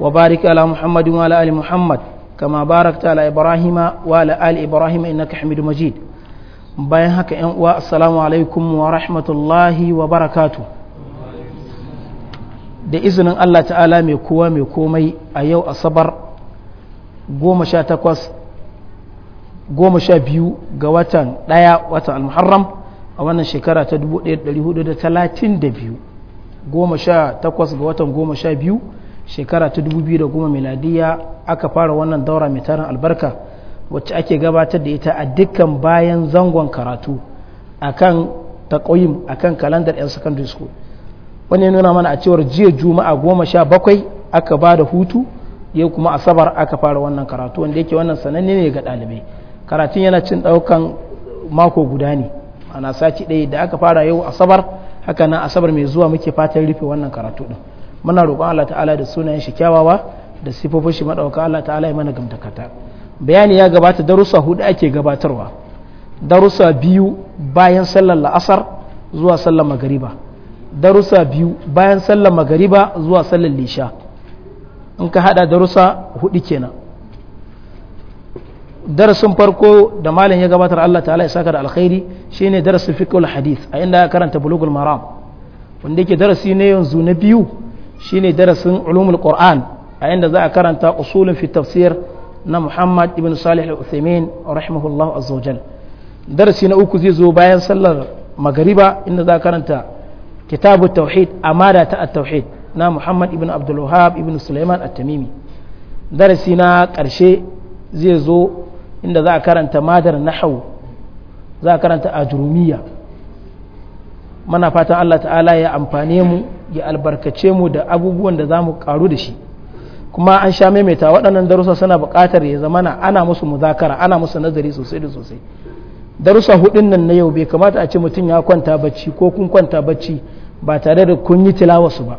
وبارك على محمد وعلى آل محمد كما باركت على إبراهيم وعلى آل إبراهيم إنك حميد مجيد bayan haka ‘yan uwa assalamu alaikum wa rahmatullahi wa barakatu da izinin Allah ta'ala mai kowa mai komai a yau asabar biyu ga watan ɗaya watan al-muharram a wannan shekara ta 1432 takwas ga watan goma sha biyu. shekara ta dubu biyu da 2010 miladiya aka fara wannan daura mai tarin albarka wacce ake gabatar da ita a dukkan bayan zangon karatu a kan akan a kan kalandar 'yan secondary school wani ya nuna mana a cewar jiya juma'a goma sha bakwai aka ba da hutu ya kuma asabar aka fara wannan karatu wanda yake wannan sananne ne ga ɗalibai karatun yana cin ɗaukan mako guda ne ana sati ɗaya da aka fara yau asabar haka nan asabar mai zuwa muke fatan rufe wannan karatu ɗin muna roƙon Allah ta'ala da sunayen shi kyawawa da sifofin shi madauka Allah ta'ala ya mana gamtakata bayani ya gabata darussa hudu ake gabatarwa darussa biyu bayan sallar la'asar zuwa sallar magariba darussa biyu bayan sallar magariba zuwa sallar lisha in ka hada darussa hudu kenan darasin farko da malam ya gabatar Allah ta'ala ya saka da alkhairi shine darasin fiqhul hadith a inda ya karanta bulugul maram wanda yake darasi ne yanzu na biyu shine darasin ulumul qur'an a inda za a karanta usulun fi tafsir na muhammad ibn salih al-uthaymin rahimahullahu azza darasi na uku zai zo bayan sallar magariba inda za a karanta kitabu tauhid amada ta at-tauhid na muhammad ibn abdul wahab ibn sulaiman at-tamimi darasi na karshe zai zo inda za a karanta madar na hau za a karanta ajrumiya muna fatan Allah ta'ala ya amfane mu ya albarkace mu da abubuwan da za mu karu da shi kuma an sha maimaita waɗannan darussa suna buƙatar ya zamana ana musu muzakara ana musu nazari sosai da sosai darussa hudun nan na yau bai kamata a ce mutum ya kwanta bacci ko kun kwanta bacci ba tare da kun yi tilawarsu ba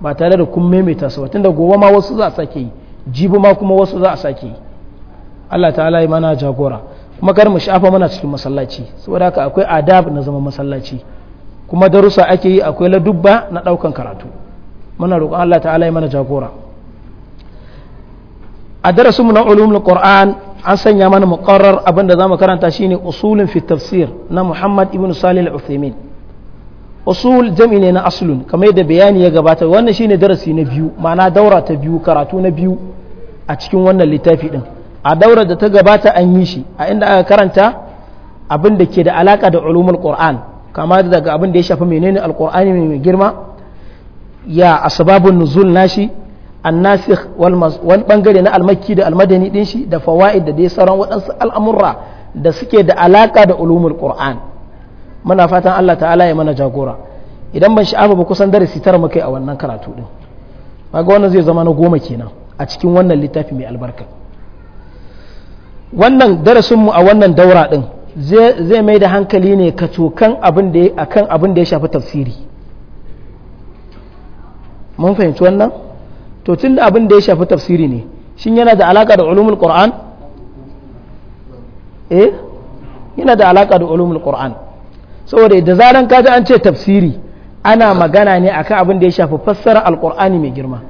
ba tare da kun maimaita su ba tunda gobe ma wasu za a sake yi jibi ma kuma wasu za a sake yi Allah ta'ala ya mana jagora kuma kar mu shafa mana cikin masallaci saboda haka akwai adab na zama masallaci kuma darussa ake yi akwai ladubba na ɗaukan karatu muna roƙon Allah ta'ala ya mana jagora a darasinmu na ulumul qur'an an sanya mana muqarrar abin da zamu karanta shine usulun fi tafsir na Muhammad ibn Salih al-Uthaymeen usul jami ne na aslun kamar yadda bayani ya gabata wannan shine darasi na biyu ma'ana daura ta biyu karatu na biyu a cikin wannan littafi din a daura da ta gabata an yi shi a inda aka karanta abin da ke da alaka da ulumul qur'an kama daga abin da ya shafi menene alkur'ani mai girma ya asbabun nuzul nashi annasikh wal bangare na almakki da almadani din shi da fawaid da dai sauran waɗansu al'amurra da suke da alaka da ulumul qur'an muna fatan Allah ta'ala ya mana jagora idan ban sha'afa ba kusan darasi tara muka a wannan karatu din kaga wannan zai zama na goma kenan a cikin wannan littafi mai albarka wannan darasin mu a wannan daura din zai mai da hankali ne ka cokan abin da ya kan abin da ya shafi tafsiri mun fahimci wannan to tun da abin da ya shafi tafsiri ne shin yana da alaka da ulumul qur'an eh yana da alaka da ulumul qur'an saboda da zaran kaji an ce tafsiri ana magana ne akan abin da ya shafi fassara alqur'ani mai girma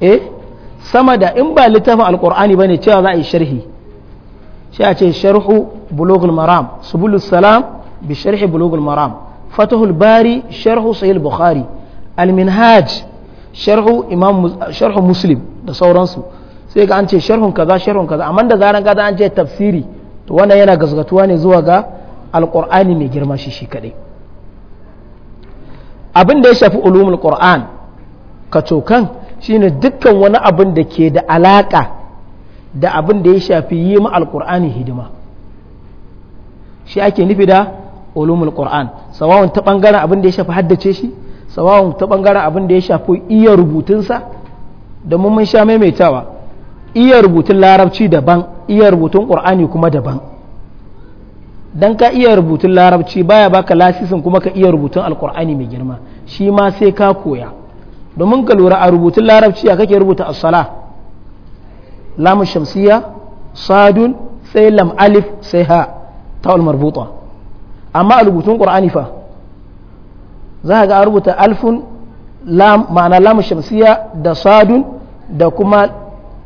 eh sama da in ba littafin alqur'ani bane cewa za a yi sharhi shi a ce sharhu bulugul maram subulus salam bi sharhi bulugul maram fatahul bari sharhu sahih bukhari al minhaj sharhu imam sharhu muslim da sauransu sai ga an ce sharhun kaza sharhun kaza amma da zaran kaza an ce tafsiri to wannan yana gasgatuwa ne zuwa ga alqur'ani mai girma shi shi kadai abin da ya shafi ulumul qur'an kacokan shine dukkan wani abin da ke da alaka da abin da ya shafi yi ma alkur'ani hidima shi ake nufi da ulumul qur'an sawawun ta bangaren abin da ya shafi haddace shi sawawun ta bangaren abin da ya shafi iya rubutunsa da mun sha maimaitawa iya rubutun larabci daban iya rubutun qur'ani kuma daban dan ka iya rubutun larabci baya baka lasisin kuma ka iya rubutun alkur'ani mai girma shi ma sai ka koya domin ka lura a rubutun larabci ya kake rubuta as-salah lamu shamsiya sadun sai lam alif sai ha ta'ul marbuta amma a rubutun qur'ani fa za ga a rubuta alfun lam ma'ana lamu shamsiya da sadun da kuma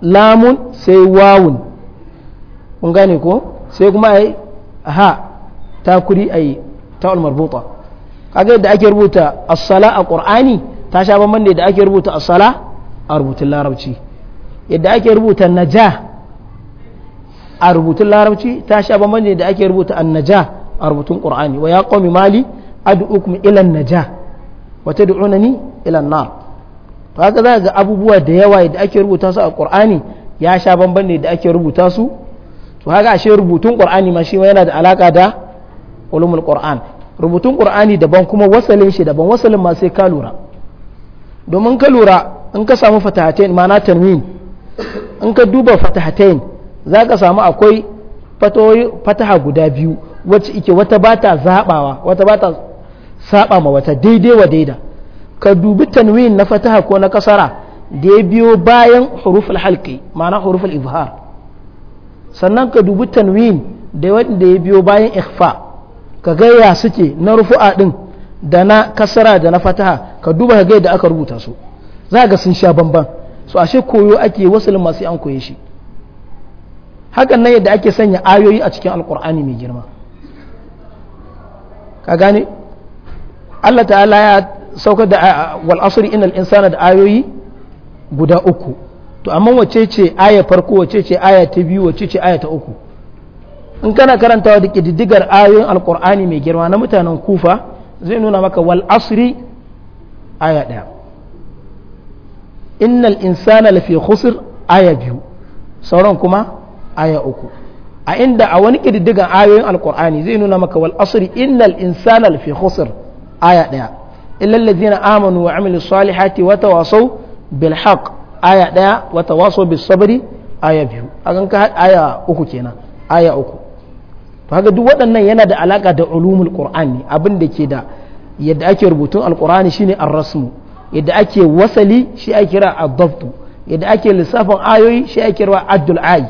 lamun sai wawun kun gane ko sai kuma ai ha takuri ai ta'ul marbuta kaga yadda ake rubuta as-sala a qur'ani ta sha bamban da ake rubuta as-sala a rubutun larabci yadda ake rubuta naja a rubutun larabci ta sha bamban da ake rubuta Naja a rubutun qur'ani wa ya qaumi mali ad'ukum ila naja wa tad'unani ila nar to haka za ga abubuwa da yawa yadda ake rubuta su a qur'ani ya sha bamban ne da ake rubuta su to haka ashe rubutun qur'ani ma shi yana da alaka da ulumul qur'an rubutun qur'ani daban kuma wasalin shi daban wasalin ma sai ka lura domin ka lura in ka samu fatahatain ma'ana tanwin in ka duba fatahatain za ka samu akwai fataha guda biyu wacce ike wata ba ta zaɓawa wata ba ta saɓa ma wata daidai wa daida ka dubi tanwin na fataha ko na kasara da ya biyo bayan huruful halki ma'ana huruful ibhar sannan ka dubi tanwin da wanda ya biyo bayan ikfa ka gaya suke na rufu'a din da na kasara da na fataha ka duba ka ga yadda aka rubuta su za ga sun sha bamban su ashe koyo ake wasu masu an koye shi hakan nan yadda ake sanya ayoyi a cikin alkur'ani mai girma ka gane Allah ta'ala ya saukar da wal asri innal insana da ayoyi guda uku to amma wace ce aya farko wace ce aya ta biyu wace ce aya ta uku in kana karantawa da kididdigar ayoyin alkur'ani mai girma na mutanen kufa zai nuna maka wal asri aya ɗaya innal insana lafi khusr aya biyu sauran kuma aya uku a inda a wani ƙididdigan ayoyin alkur'ani zai nuna maka wal asri innal insana lafi khusr aya ɗaya illal ladzina amanu wa amilus salihati wa tawasaw bil haqq aya ɗaya wa tawasaw bis sabri aya biyu agan ka aya uku kenan aya uku to haka duk waɗannan yana da alaka da ulumul qur'ani abin da ke da yadda ake rubutun alkur'ani shine ar-rasmu yadda ake wasali shi ake kira addabtu yadda ake lissafin ayoyi shi ake kira addul ayi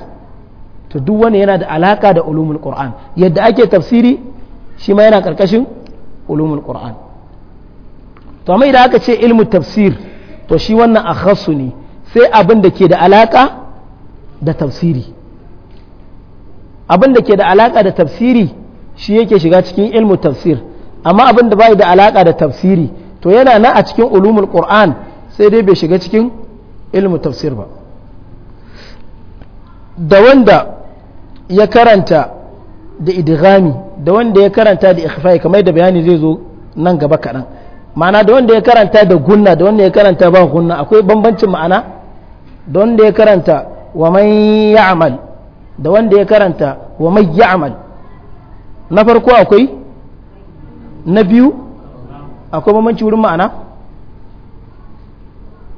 to duk wani yana da alaka da ulumul qur'an yadda ake tafsiri shi ma yana karkashin ulumul qur'an to amma idan aka ce ilmu tafsir to shi wannan akhasu ne sai abin da ke da alaka da tafsiri abin da ke da alaka da tafsiri shi yake shiga cikin ilmu tafsir amma abin da bai da alaka da tafsiri to yana nan a cikin ulumul qur'an sai dai bai shiga cikin ilmu tafsir ba da wanda ya karanta da idghami da wanda ya karanta da ikhfai kamar da bayani zai zo nan gaba kaɗan ma'ana da wanda ya karanta da gunna da wanda ya karanta ba gunna akwai bambancin ma'ana da wanda ya karanta wa man ya'mal da wanda ya karanta wa man ya'mal na farko akwai na biyu akwai bambanci wurin ma'ana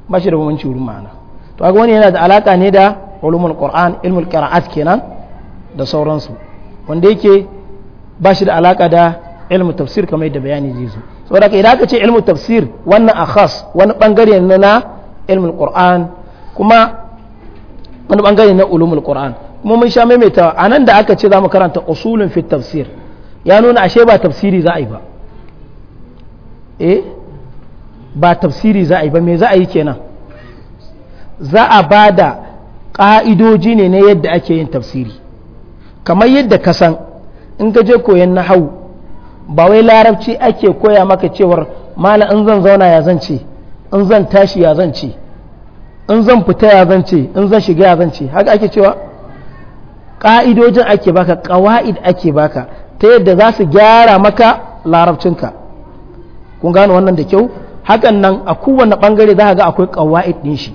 ba shi da bambanci wurin ma'ana to wani yana da alaka ne da ulumul qur'an ilmul qira'at kenan da sauransu wanda yake ba shi da alaka da ilmu tafsir kamar yadda bayani zai zo saboda ka idan aka ce ilmu tafsir wannan a khas wani bangare ne na ilmul qur'an kuma wani bangare na ulumul qur'an kuma mun sha maimaita anan da aka ce za mu karanta usulun fi tafsir ya nuna ashe ba tafsiri za a yi ba eh ba tafsiri za a yi ba me za a yi kenan za a ba da ƙa'idoji ne na yadda ake yin tafsiri kamar yadda ka san in ka je koyan nahau ba wai larabci ake koya maka cewar mala in zan zauna ya zan ce in zan tashi ya zan ce in zan fita ya zan ce in zan shiga ya zan ce haka ake cewa ƙa'idojin ake baka ƙawa'id ake baka ta yadda za su gyara maka larabcinka kun gano wannan da kyau hakan nan a kowane bangare za ga akwai kawa'id din shi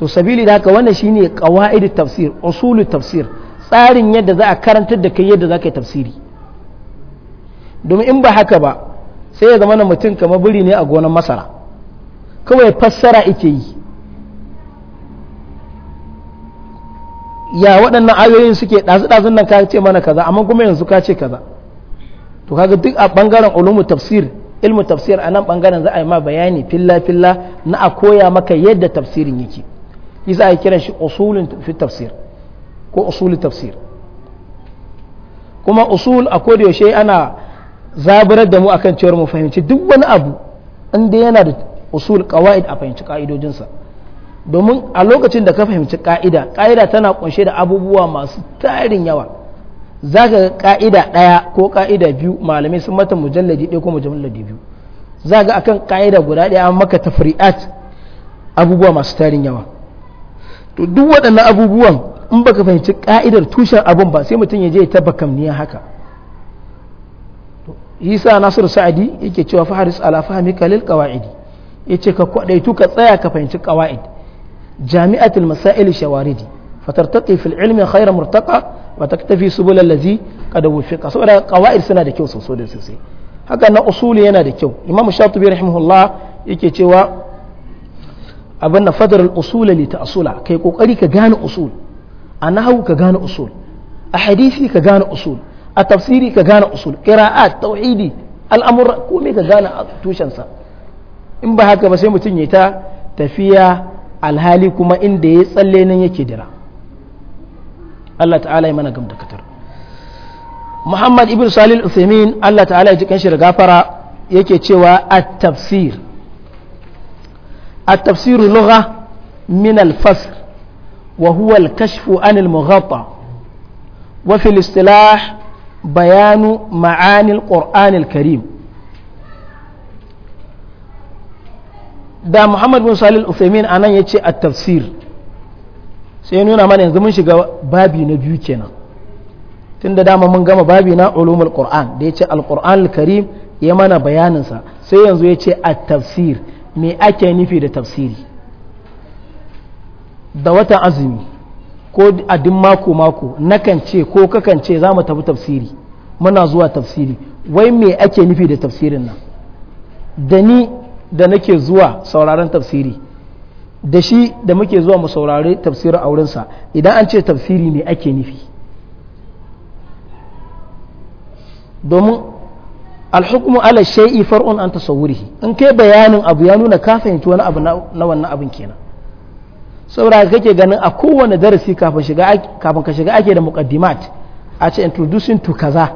to sabili da haka wannan shine kawa'id tafsir usulu tafsir tsarin yadda za a karantar da kai yadda za ka yi tafsiri domin in ba haka ba sai ya zama na mutum kamar biri ne a gonar masara kawai fassara ike yi ya waɗannan ayoyin suke ɗazu-ɗazun nan ka ce mana kaza amma kuma yanzu ka ce kaza to kaga duk a ɓangaren ulumu tafsir ilmu tafsir a nan bangaren za a yi ma bayani filla filla na a koya maka yadda tafsirin yake yasa a kiran shi usulun fi tafsir ko usulun tafsir kuma usul a da yaushe ana zaburar da mu akan cewar mu fahimci duk wani abu inda yana da usul qawaid a fahimci ka'idojinsa domin a lokacin da ka fahimci ka'ida ka'ida tana kunshe da abubuwa masu tarin yawa za ka ga ka'ida ɗaya ko ka'ida biyu malamai sun mata mujalladi ɗaya ko mujalladi biyu za ga akan ka'ida guda ɗaya an maka tafri'at abubuwa masu tarin yawa to duk waɗannan abubuwan in baka fahimci ka'idar tushen abun ba sai mutum ya je ta bakamniya haka isa nasiru sa'adi yake cewa faharis ala fahami lil qawaidi yace ka kwadaitu ka tsaya ka fahimci qawaid jami'atul masail shawaridi fatartaqi fil ilmi khayra murtaqa wa taktafi subul allazi qad wufiqa saboda qawaid suna da kyau sosai da sosai haka na usuli yana da kyau imam shatibi rahimahullah yake cewa abin na fadar al-usul li ta'sula kai kokari ka gane usul a nahawu ka gane usul a hadisi ka gane usul a tafsiri ka gane usul qira'at tauhidi al'amura komai ka gane tushensa in ba haka ba sai mutum ya ta tafiya alhali kuma inda ya tsalle nan yake dira Allah ta'ala ya mana gam dakatar Muhammad ibn Salih Uthaymeen Allah ta'ala ya ji kanshi da gafara yake cewa at-tafsir at-tafsir lugha min al-fasl wa huwa al-kashf an al-mughatta wa fi al-istilah bayan ma'ani al-Qur'an al-Karim da Muhammad Ibn Salih Uthaymeen anan yace at-tafsir sai nuna mana yanzu mun shiga babi na biyu kenan tunda dama mun gama babi na ulumul qur'an da yace al-qur'an al-karim ya mana bayanin sa sai yanzu yace at-tafsir me ake nufi da tafsiri da watan azumi ko a duk mako mako nakan ce ko kakan ce za mu tafi tafsiri muna zuwa tafsiri wai me ake nufi da tafsirin nan da ni da nake zuwa sauraron tafsiri da shi da muke zuwa mu saurari tafsirin aurensa idan an ce tafsiri ne ake nufi domin alhukumu ala shay'i far'un an tasawwurihi in kai bayanin abu ya nuna ka fahimci wani abu na wannan abin kenan saboda kake ganin a kowane darasi kafin ka shiga ake da muqaddimat a ce introducing to kaza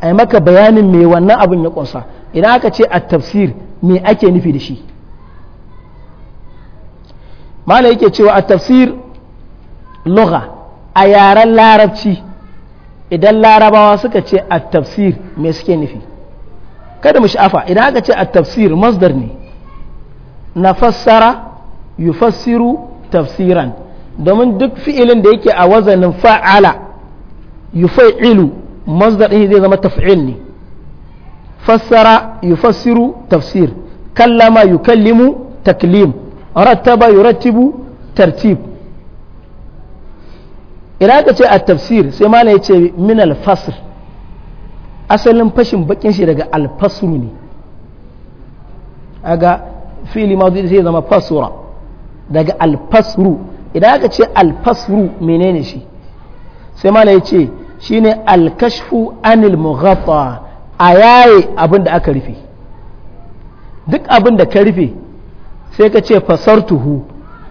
ai maka bayanin me wannan abin ya kunsa idan aka ce a tafsir me ake nufi da shi mala yake cewa a tafsir lugha a yaren larabci idan larabawa suka ce a tafsir me suke nufi kada mu sha'afa idan aka ce a tafsir masdar ne na fassara fassiru tafsiran domin duk fi'ilin da yake a wazanin fa'ala yufa'ilu masdar ne zai zama taf'il ne fassara yufassiru tafsir kallama kallimu taklim rattaba yurattibu tartib idan aka ce a tafsir sai malam ya ce min alfasr asalin fashin bakin shi daga alfasru ne aga fili madu sai zama fasura daga alfasru idan aka ce alfasru menene shi sai malam ya ce shine alkashfu anil mughatta a yaye abin da aka rufe duk abin da ka rufe sai ka ce fasartuhu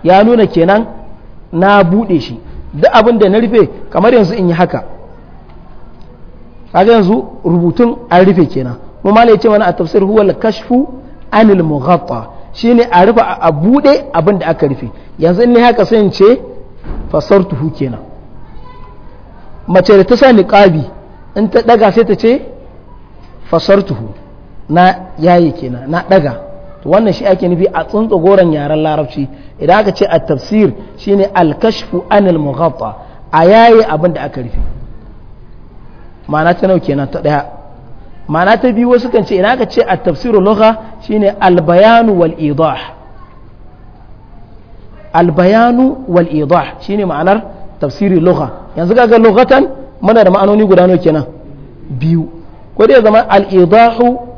ya nuna kenan na buɗe shi duk abin da na rufe kamar yanzu in yi haka kaga yanzu rubutun an rufe kenan mu ya ce mana a tafsir huwa al-kashfu anil mughatta shine a rufe a bude abin da aka rufe yanzu in ne haka sai in ce fasartuhu kenan mace da ta sa niqabi in ta daga sai ta ce fasartuhu na yayi kenan na daga to wannan shi ake nufi a goron yaren larabci idan aka ce a tafsir shine al-kashfu anil mughatta a yaye abin da aka rufe ma'ana ta nau kenan ta daya ma'ana ta biyu wasu kan ce idan aka ce a tafsiru lugha shine al-bayanu wal idah al wal idah shine ma'anar tafsirul lugha yanzu ga lughatan muna da ma'anoni guda nawa kenan biyu ko dai zama al-idahu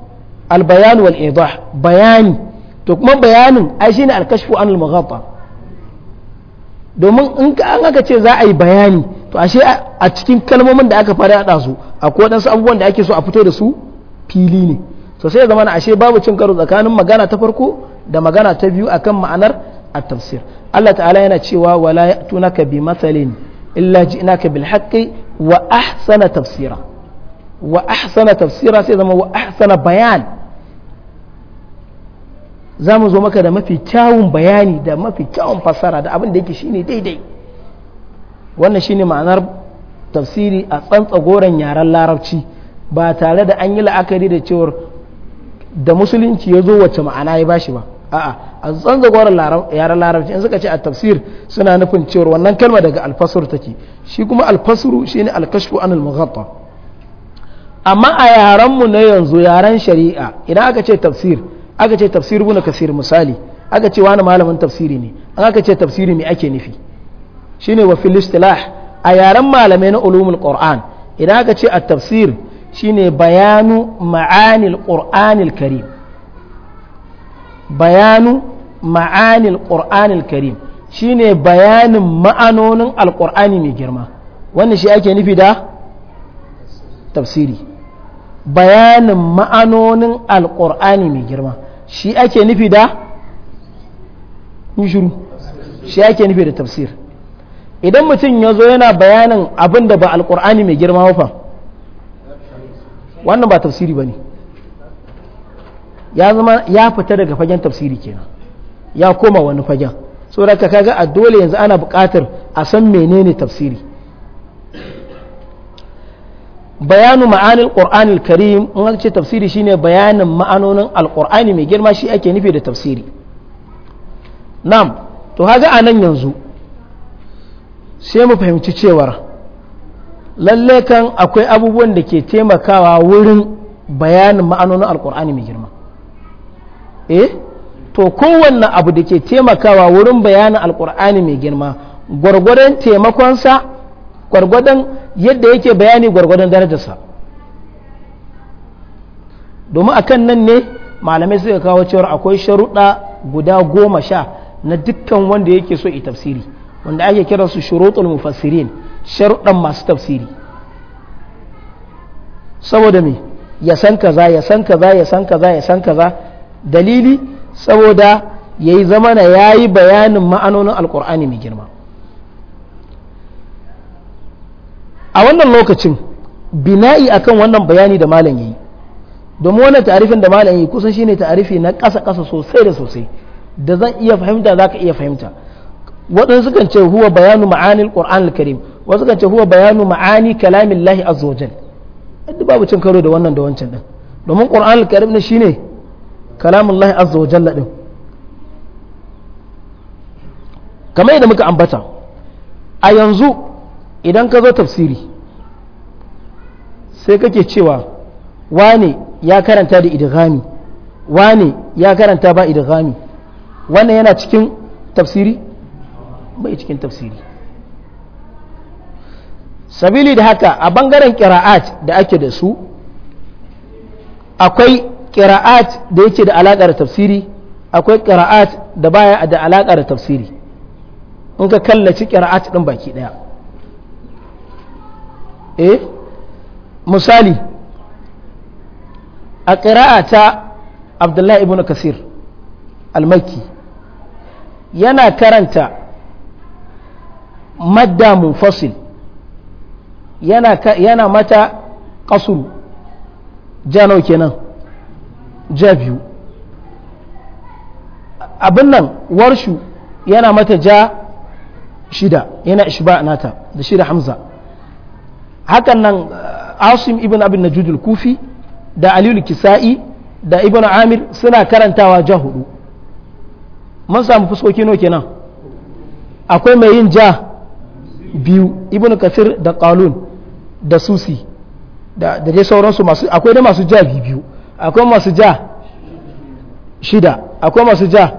albayanu wal idah bayani to kuma bayanin ai shine alkashfu anil mughata domin in an aka ce za a yi bayani to ashe a cikin kalmomin da aka fara da su akwai wadansu abubuwan da ake so a fito da su fili ne to sai zama ashe babu cin karo tsakanin magana ta farko da magana ta biyu akan ma'anar a tafsir Allah ta'ala yana cewa wala ya'tunaka bi mathalin illa ji'naka bil haqqi wa ahsana tafsira wa ahsana tafsira sai zama wa ahsana bayan za mu zo maka da mafi kyawun bayani da mafi kyawun fassara da abin da yake shine daidai wannan shine ma'anar tafsiri a tsantsagoran yaren larabci ba tare da an yi la'akari da cewar da musulunci ya zo wacce ma'ana ya bashi ba a'a a tsantsagoran yaren larabci in suka ce a tafsir suna nufin cewar wannan kalma daga alfasur take shi kuma alfasuru shine alkashfu an mughatta amma a yaren mu na yanzu yaren shari'a idan aka ce tafsir aka ce tafsir ibn kasir misali aka ce wani malamin tafsiri ne an aka ce tafsiri me ake nufi shine wa filistilah a yaren malamai na ulumul qur'an idan aka ce a tafsir shine bayanu ma'anil qur'anil karim bayanu ma'anil qur'anil karim shine bayanin ma'anonin alqur'ani mai girma wannan shi ake nufi da tafsiri bayanin ma'anonin alqur'ani mai girma shi ake nufi da shuru shi ake nufi da tafsir idan mutum ya zo yana bayanin abin da ba alkur'ani mai girma wafa wannan ba tafsiri ba ne ya zama ya fita daga fagen tafsiri kenan ya koma wani fagen saboda ka kaga a dole yanzu ana bukatar a san menene tafsiri bayanu ma'anil qur'anil karim in an ce tafsiri shine bayanin ma'anonin alqur'ani mai girma shi ake nufi da tafsiri nam to haga a nan yanzu sai mu fahimci cewar lalle kan akwai abubuwan da ke taimakawa wurin bayanin ma'anonin alqur'ani mai girma eh to kowanne abu da ke taimakawa wurin bayanin alqur'ani mai girma gwargwadon sa. gwargwadon yadda yake bayani gwargwadon darajarsa domin a kan nan ne malamai suka kawo cewar akwai sharuɗa guda goma sha na dukkan wanda yake so i tafsiri wanda ake kira su shuruɗul mufassirin sharuɗan masu tafsiri saboda me ya san kaza ya san kaza ya san kaza ya san kaza dalili saboda ya yi zamana ya yi bayanin ma'anonin Alƙur'ani mai girma a wannan lokacin bina'i akan wannan bayani da malam yi domin wannan ta'arifin da malam yi kusan shine ta'arifi na ƙasa ƙasa sosai da sosai da zan iya fahimta zaka iya fahimta waɗansu sukan ce huwa bayanu ma'ani al alkarim al-Karim wasu sukan ce huwa bayanu ma'ani kalamillahi azza wajal duk babu cin karo da wannan da wancan din domin Qur'an al-Karim ne shine kalamullahi azza wajal din kamar yadda muka ambata a yanzu idan ka zo tafsiri sai kake cewa wane ya karanta da idghami wane ya karanta ba idghami wannan yana cikin tafsiri bai cikin tafsiri sabili da haka a bangaren kira'at da ake da su akwai kira'at da yake da alaƙa da tafsiri akwai kira'at da baya da alaƙa da tafsiri in ka kallaci kira'at din baki ɗaya eh misali a ƙira'a ta abdullahi ibn kasir almaki yana karanta madda munfasil yana mata ƙasuru jano kenan ja biyu abin nan warshu yana mata ja shida yana ishba nata da shida hamza hakan nan asim ibn abin najudul kufi da aliyu kisa'i da ibn amir suna karantawa ja hudu mun samu fuskoki nawa kenan akwai mai yin ja biyu ibn kasir da kalun da susi da dai sauransu masu akwai da masu ja biyu akwai masu ja shida akwai masu ja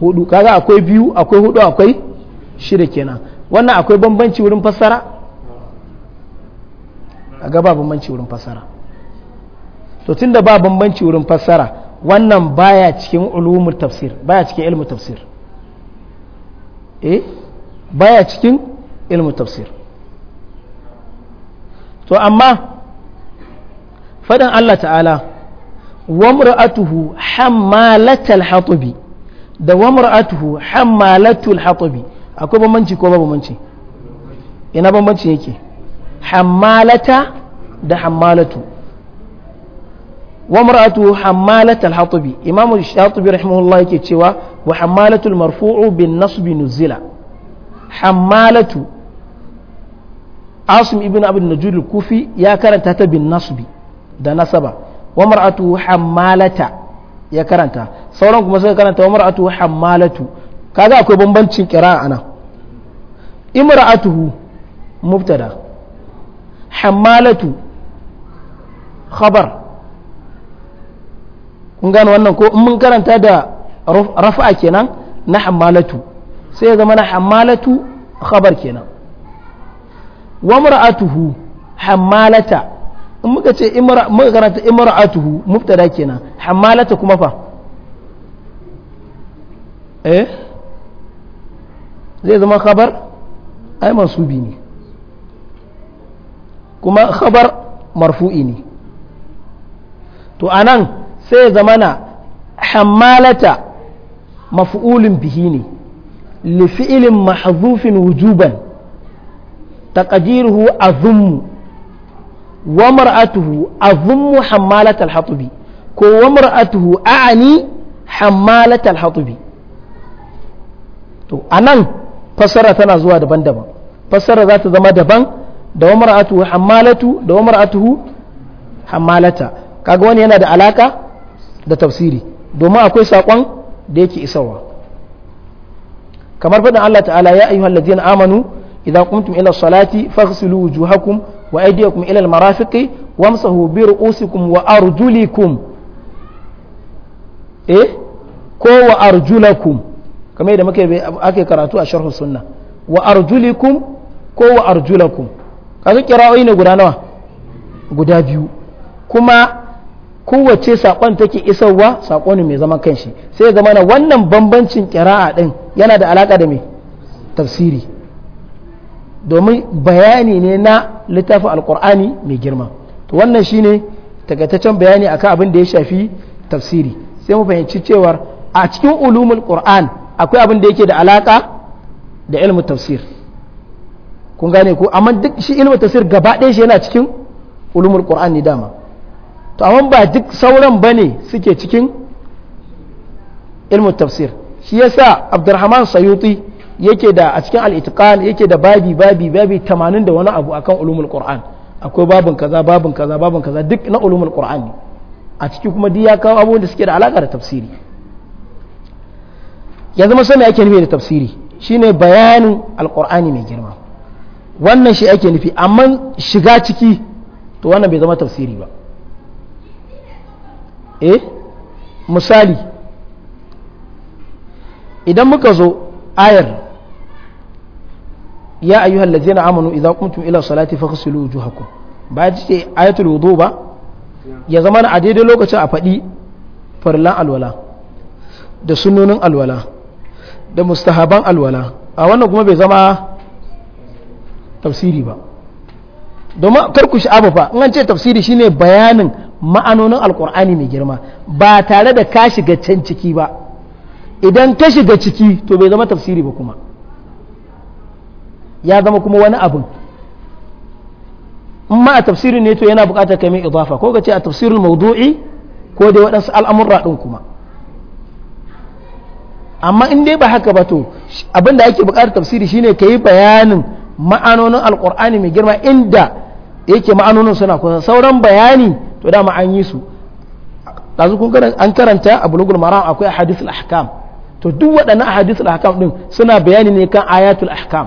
hudu kaga akwai biyu akwai hudu akwai shida kenan wannan akwai bambanci wurin fassara ga ba bambanci wurin fassara to tunda ba bambanci wurin fassara wannan baya cikin ulumul tafsir baya cikin ilmu tafsir eh baya cikin ilmu tafsir to amma faɗin Allah ta'ala wa mur'atuhu hammalatal hatubi da wa mur'atuhu hammalatul hatubi akwai bambanci ko ba bambanci ina bambanci yake hammalata da hammalatu wa mar'atu hammalat al-hatubi imamu shatibi rahimahullah yake cewa wa hammalatul marfu'u bin nasbi nuzila hammalatu asim ibn abin al-kufi ya karanta ta bin nasbi da nasaba wa mar'atu hammalata ya karanta sauran kuma suka karanta wa mar'atu hammalatu kaga akwai bambancin kira ana imra'atuhu mubtada hammalatu khabar kun gane wannan ko in mun karanta da rafa'a kenan na hammalatu sai ya zama na hammalatu khabar kenan wa mar'atuhu hammalata in muka ce imra muka karanta imra'atuhu mubtada kenan hammalata kuma fa eh zai zama khabar ai mansubi ne kuma khabar marfu'i ne to anan sai zamana hammalata maf'ulin bihi ne lifi'ilin fi'ilin mahzufin wujuban taqdiruhu azummu wa mar'atuhu azummu hammalat al ko wa mar'atuhu a'ani hammalat al to anan fassara tana zuwa daban-daban fassara za ta zama daban da wa mar'atuhu hammalatu da wa mar'atuhu hammalata kaga wani yana da alaka da tafsiri domin akwai sakon da yake isarwa kamar faɗin Allah ta'ala ya ayyuhal ladzina amanu idza qumtum ila salati faghsilu wujuhakum wa aydiyakum ila al-marafiqi wamsahu bi ru'usikum wa arjulikum eh ko wa arjulakum kamar yadda muke ake karatu a sharh sunna wa arjulikum ko wa arjulakum kasu kira'o'i ne guda nawa guda biyu kuma kowace saƙon take isarwa sako ne mai zaman kanshi sai zama na wannan bambancin kira'a ɗin yana da alaƙa da mai tafsiri domin bayani ne na littafin alkur'ani mai girma to wannan shine takaitaccen bayani akan abin da ya shafi tafsiri sai mu fahimci cewar a cikin ulumul qur'an akwai abin da yake da alaƙa da ilmu tafsir kun gane ko amma duk shi ilmu tafsir gaba ɗaya shi yana cikin ulumul qur'an ne dama to amma ba duk sauran bane suke cikin ilmu tafsir shi yasa abdurrahman sayuti yake da a cikin al-itqan yake da babi babi babi 80 da wani abu akan ulumul qur'an akwai babin kaza babin kaza babin kaza duk na ulumul qur'an ne a ciki kuma duk ya kawo abubuwan da suke da alaka da tafsiri ya zama sai ake nufi da tafsiri shine bayanin alqur'ani mai girma wannan shi ake nufi amma shiga ciki to wannan bai zama tafsiri ba eh misali idan muka zo ayar ya ayyuhal ladzina amanu idza qumtum ila salati faghsilu wujuhakum ba ce ayatul wudu ba ya zama a daidai lokacin a faɗi farlan alwala da sunonin alwala da mustahaban alwala a wannan kuma bai zama tafsiri ba domin karku sha'aba fa in an ce tafsiri shine bayanin ma'anonin alkur'ani mai girma ba tare da ka shiga can ciki ba idan ka shiga ciki to bai zama tafsiri ba kuma ya zama kuma wani abin in ma a tafsirin ne to yana buƙatar kai mai idafa ko ga ce a tafsirin maudu'i ko dai waɗansu al'amurra ɗin kuma amma in dai ba haka ba to abin da ake buƙatar tafsiri shine ka yi bayanin ma'anonin alkur'ani mai girma inda yake ma'anonin suna kusa sauran bayani to dama an yi su ɗazu kun an karanta a bulogul mara akwai hadith to duk waɗannan hadith al suna bayani ne kan ayatul ahkam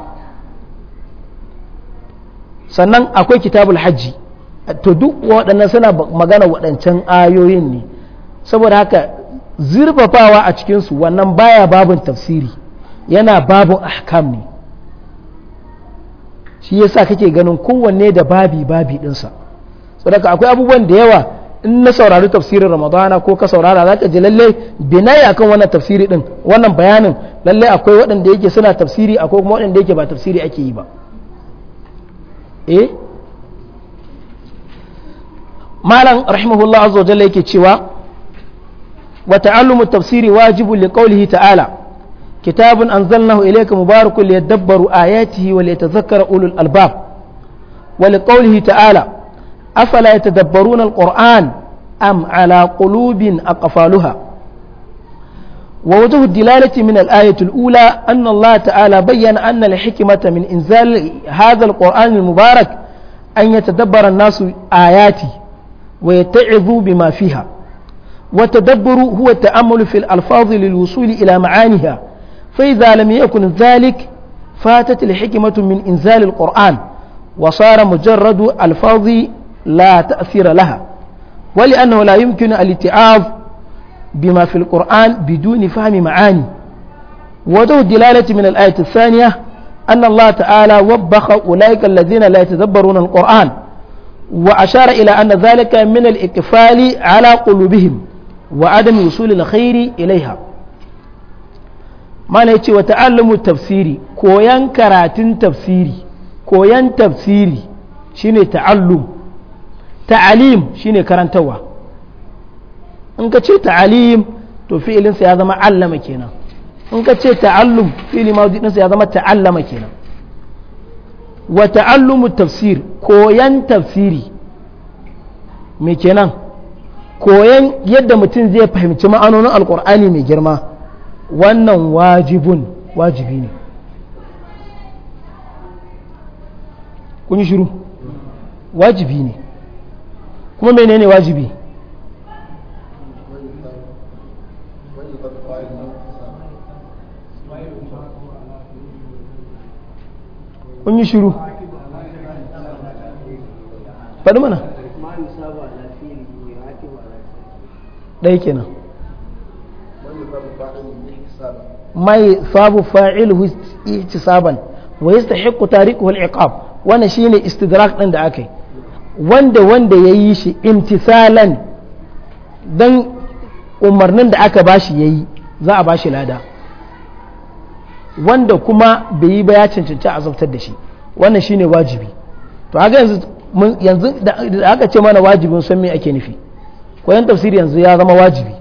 sannan akwai kitabul hajji to duk waɗannan suna magana waɗancan ayoyin ne saboda haka zirfafawa a cikinsu wannan baya babun tafsiri yana babun ahkam ne shi yasa kake ganin kowanne da babi babi ɗinsa saboda akwai abubuwan da yawa in na saurari tafsirin ramadana ko ka saurara ka ji lalle binayi akan wannan tafsiri din wannan bayanin lalle akwai waɗanda yake suna tafsiri akwai kuma waɗanda yake ba tafsiri ake yi ba eh? malam rahimahullah azza wa jalla yake cewa wa ta'allumu tafsiri wajibu li qawlihi ta'ala kitabun anzalnahu ilayka mubarakun liyadabbaru ayatihi wa liyatadhakkara ulul albab wa liqawlihi ta'ala afala yatadabbaruna alquran am ala qulubin aqfaluha ووجه الدلالة من الآية الأولى أن الله تعالى بين أن الحكمة من إنزال هذا القرآن المبارك أن يتدبر الناس آياته ويتعظوا بما فيها والتدبر هو التأمل في الألفاظ للوصول إلى معانيها فإذا لم يكن ذلك فاتت الحكمة من إنزال القرآن وصار مجرد ألفاظ لا تأثير لها ولأنه لا يمكن الاتعاظ بما في القرآن بدون فهم معاني وذو الدلالة من الآية الثانية أن الله تعالى وبخ أولئك الذين لا يتدبرون القرآن وأشار إلى أن ذلك من الإكفال على قلوبهم وعدم وصول الخير إليها mana yace wa ta'allamu tafsiri koyan karatun tafsiri koyan tafsiri shine ta'allum ta'alim shine karantawa in ka ce ta'alim to fi'ilinsa ya zama allama kenan in ka ce ta'allum fi'ili ma ya zama ta'allama kenan wa ta'allumu tafsir koyan tafsiri me kenan koyan yadda mutum zai fahimci ma'anonin alkur'ani mai girma wannan wajibun wajibi ne kun shiru wajibi ne kuma menene wajibi kun yi shiru faɗi mana ɗaya kenan mai sabu ci ihtisaban wa yastahiqqu tarikuhu al-iqab wannan shine istidrak din da akai wanda wanda yayi shi imtisalan dan umarnin da aka bashi yayi za a bashi lada wanda kuma bai yi ba ya cancanci azabtar da shi wannan shine wajibi to haka yanzu yanzu da aka ce mana wajibin san me ake nufi koyan tafsiri yanzu ya zama wajibi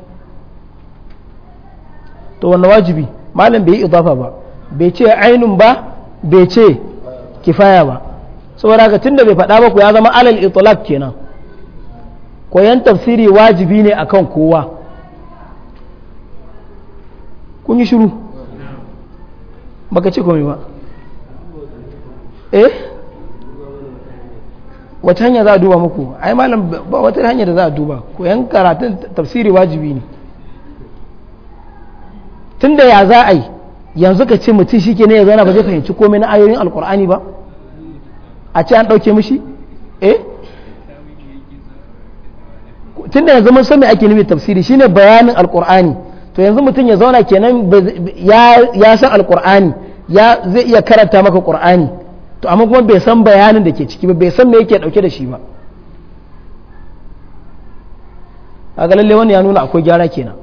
to wannan wajibi malam bai yi idafa ba bai ce ainun ba bai ce kifaya ba saboda haka tunda bai faɗa ba ku ya zama alal itlaq kenan koyan tafsiri wajibi ne akan kowa kun yi shiru baka ce komai ba eh wata hanya za a duba muku ai malam ba wata hanya da za a duba koyan karatun tafsiri wajibi ne Tun da ya za a yi yanzu ka ce mutum shi ke ne ya zauna ba zai fahimci komai na ayoyin alkur'ani ba a ce an ɗauke mishi eh Tun da yanzu mun san ake nufin tafsiri shine bayanin alkur'ani to yanzu mutum ya zauna kenan ya san alkur'ani ya zai iya karanta maka kur'ani to amma kuma bai san bayanin da ke ciki ba bai san me yake dauke da shi ba a lalle wani ya nuna akwai gyara kenan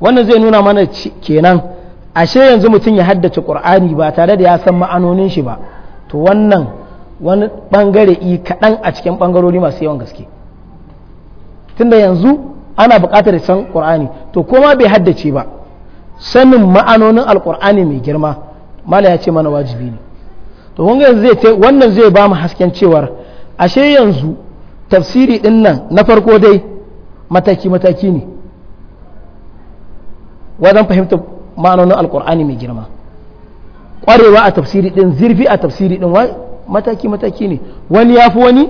wannan zai nuna mana kenan ashe yanzu mutum ya haddace ƙur'ani ba tare da ya san ma'anonin shi ba to wannan wani bangare i kaɗan a cikin bangarori masu yawan gaske tunda yanzu ana buƙatar san ƙur'ani to koma bai haddace ba sanin ma'anonin alƙur'ani mai girma mala ya ce mana wajibi ne to kun wannan zai ba mu hasken cewar ashe yanzu tafsiri din nan na farko dai mataki mataki ne wajen fahimtar ma'anonin alkur'ani mai girma ƙwarewa a tafsiri ɗin zirfi a tafsiri ɗin mataki-mataki ne wani ya fi wani